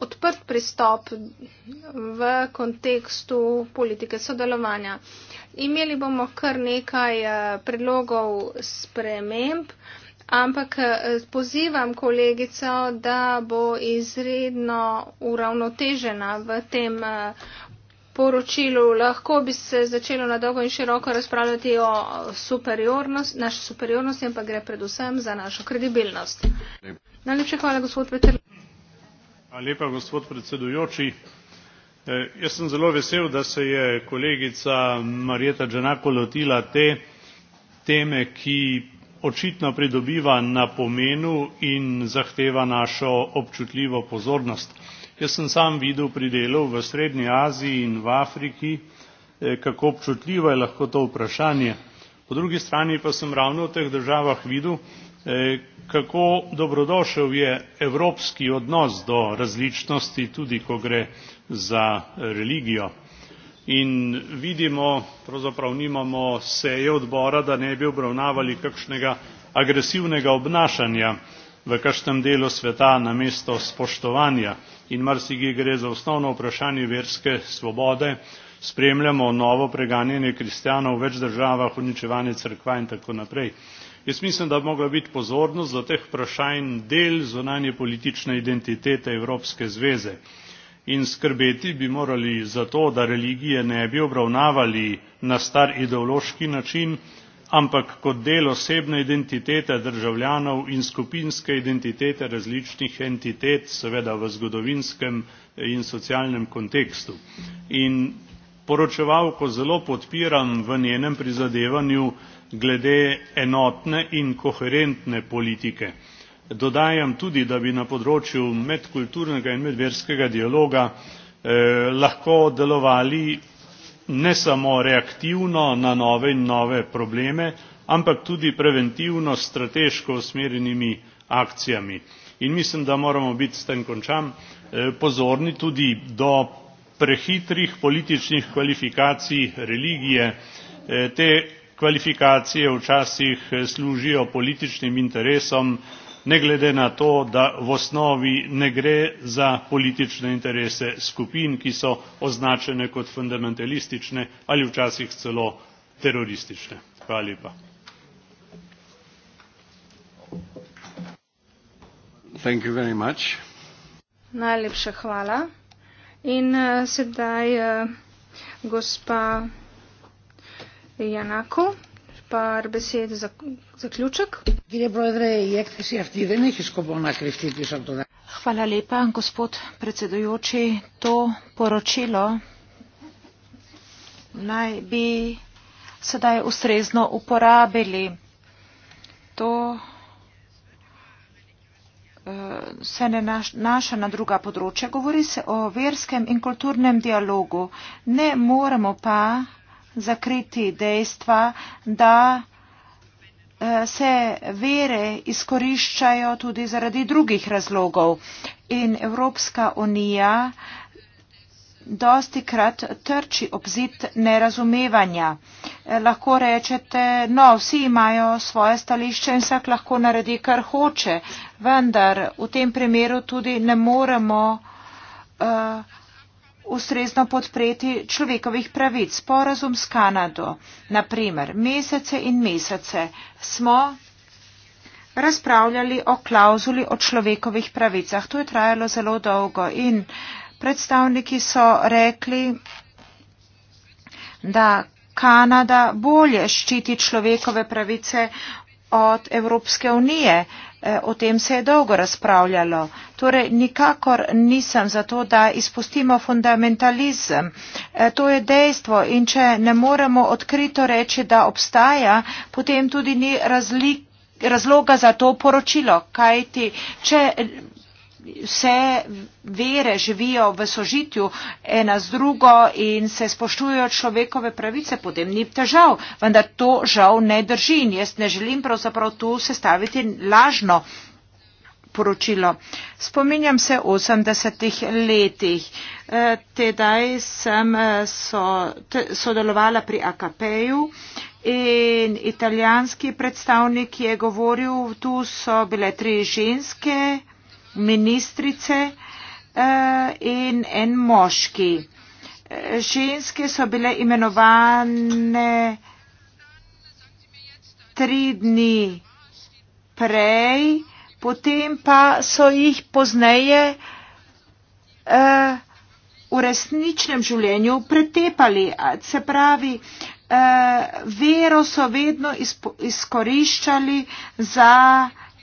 odprt pristop v kontekstu politike sodelovanja. Imeli bomo kar nekaj eh, predlogov sprememb, ampak eh, pozivam kolegico, da bo izredno uravnotežena v tem uh, poročilu. Lahko bi se začelo na dolgo in široko razpravljati o superiornosti, naši superiornosti, ampak gre predvsem za našo kredibilnost. Najlepše hvala, gospod Petr. Hvala lepa, gospod predsedujoči. E, jaz sem zelo vesel, da se je kolegica Marjeta Đenako lotila te teme, ki očitno pridobiva na pomenu in zahteva našo občutljivo pozornost. Jaz sem sam videl pri delu v Srednji Aziji in v Afriki, eh, kako občutljivo je lahko to vprašanje. Po drugi strani pa sem ravno v teh državah videl, eh, kako dobrodošel je evropski odnos do različnosti, tudi ko gre za eh, religijo. In vidimo, pravzaprav nimamo seje odbora, da ne bi obravnavali kakšnega agresivnega obnašanja v kakšnem delu sveta namesto spoštovanja in marsikje gre za osnovno vprašanje verske svobode spremljamo novo preganjanje kristjanov v več državah uničevanje crkva in tako naprej jaz mislim da bi mogla biti pozornost do teh vprašanj del zunanje politične identitete evropske zveze in skrbeti bi morali za to da religije ne bi obravnavali na star ideološki način ampak kot del osebne identitete državljanov in skupinske identitete različnih entitet, seveda v zgodovinskem eh, in socialnem kontekstu. In poročevalko zelo podpiram v njenem prizadevanju glede enotne in koherentne politike. Dodajam tudi, da bi na področju medkulturnega in medverskega dialoga eh, lahko delovali ne samo reaktivno na nove in nove probleme, ampak tudi preventivno s strateško usmerjenimi akcijami. In mislim, da moramo biti, s tem končam, eh, pozorni tudi do prehitrih političnih kvalifikacij religije. Eh, te kvalifikacije včasih eh, služijo političnim interesom, ne glede na to da v osnovi ne gre za politične interese skupin ki so označene kot fundamentalistične ali včasih celo teroristične. Najlepša hvala. In eh, sedaj eh, gospa Janakov par besed za zaključek. Hvala lepa, gospod predsedujoči. To poročilo naj bi sedaj ustrezno uporabili. To eh, se ne naša na druga področja. Govori se o verskem in kulturnem dialogu. Ne moremo pa zakriti dejstva, da eh, se vere izkoriščajo tudi zaradi drugih razlogov. In Evropska unija dosti krat trči obzit nerazumevanja. Eh, lahko rečete, no, vsi imajo svoje stališče in vsak lahko naredi, kar hoče, vendar v tem primeru tudi ne moremo uh, ustrezno podpreti človekovih pravic. Sporazum s Kanado, na primer, mesece in mesece smo razpravljali o klauzuli o človekovih pravicah. To je trajalo zelo dolgo in predstavniki so rekli, da Kanada bolje ščiti človekove pravice od Evropske unije. E, o tem se je dolgo razpravljalo. Torej, nikakor nisem za to, da izpustimo fundamentalizem. E, to je dejstvo in če ne moremo odkrito reči, da obstaja, potem tudi ni razlik razloga za to poročilo, kajti če vse vere živijo v sožitju ena z drugo in se spoštujejo človekove pravice, potem ni težav. Vendar to žal ne drži in jaz ne želim pravzaprav tu sestaviti lažno poročilo. Spominjam se 80-ih letih. E, tedaj sem e, so, te, sodelovala pri AKP-ju in italijanski predstavnik je govoril, tu so bile tri ženske, ministrice eh, in en moški. Eh, ženske so bile imenovane tri dni prej, potem pa so jih pozneje eh, v resničnem življenju pretepali. Se pravi, vero so vedno izkoriščali za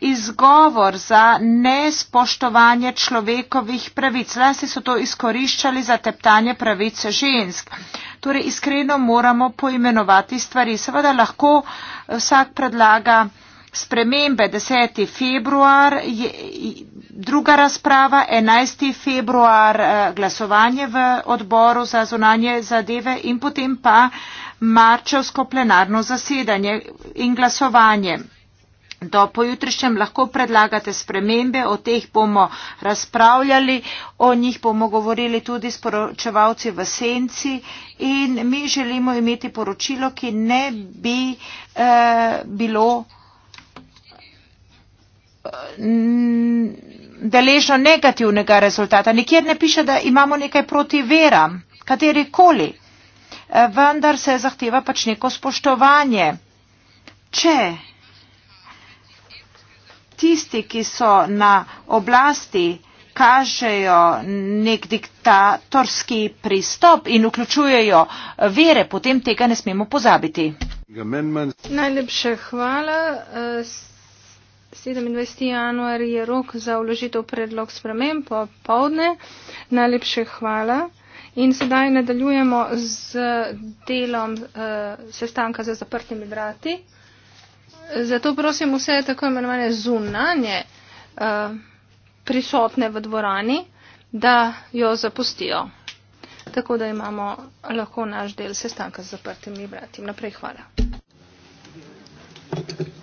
izgovor za nespoštovanje človekovih pravic. Zlasti so to izkoriščali za teptanje pravice žensk. Torej, iskreno moramo poimenovati stvari. Seveda lahko vsak predlaga spremembe. 10. februar je druga razprava, 11. februar eh, glasovanje v odboru za zunanje zadeve in potem pa marčevsko plenarno zasedanje in glasovanje do pojutrišnjem lahko predlagate spremembe, o teh bomo razpravljali, o njih bomo govorili tudi s poročevalci v senci in mi želimo imeti poročilo, ki ne bi eh, bilo eh, deležno negativnega rezultata. Nikjer ne piše, da imamo nekaj proti veram, katerikoli, eh, vendar se zahteva pač neko spoštovanje. Če tisti, ki so na oblasti, kažejo nek diktatorski pristop in vključujejo vere, potem tega ne smemo pozabiti. Najlepša hvala. 27. januar je rok za vložitev predlog sprememb po povdne. Najlepše hvala. In sedaj nadaljujemo z delom eh, sestanka za zaprtimi vrati. Zato prosim vse tako imenovane zunanje eh, prisotne v dvorani, da jo zapustijo. Tako da imamo lahko naš del sestanka z zaprtimi vrati. Naprej hvala. Thank you.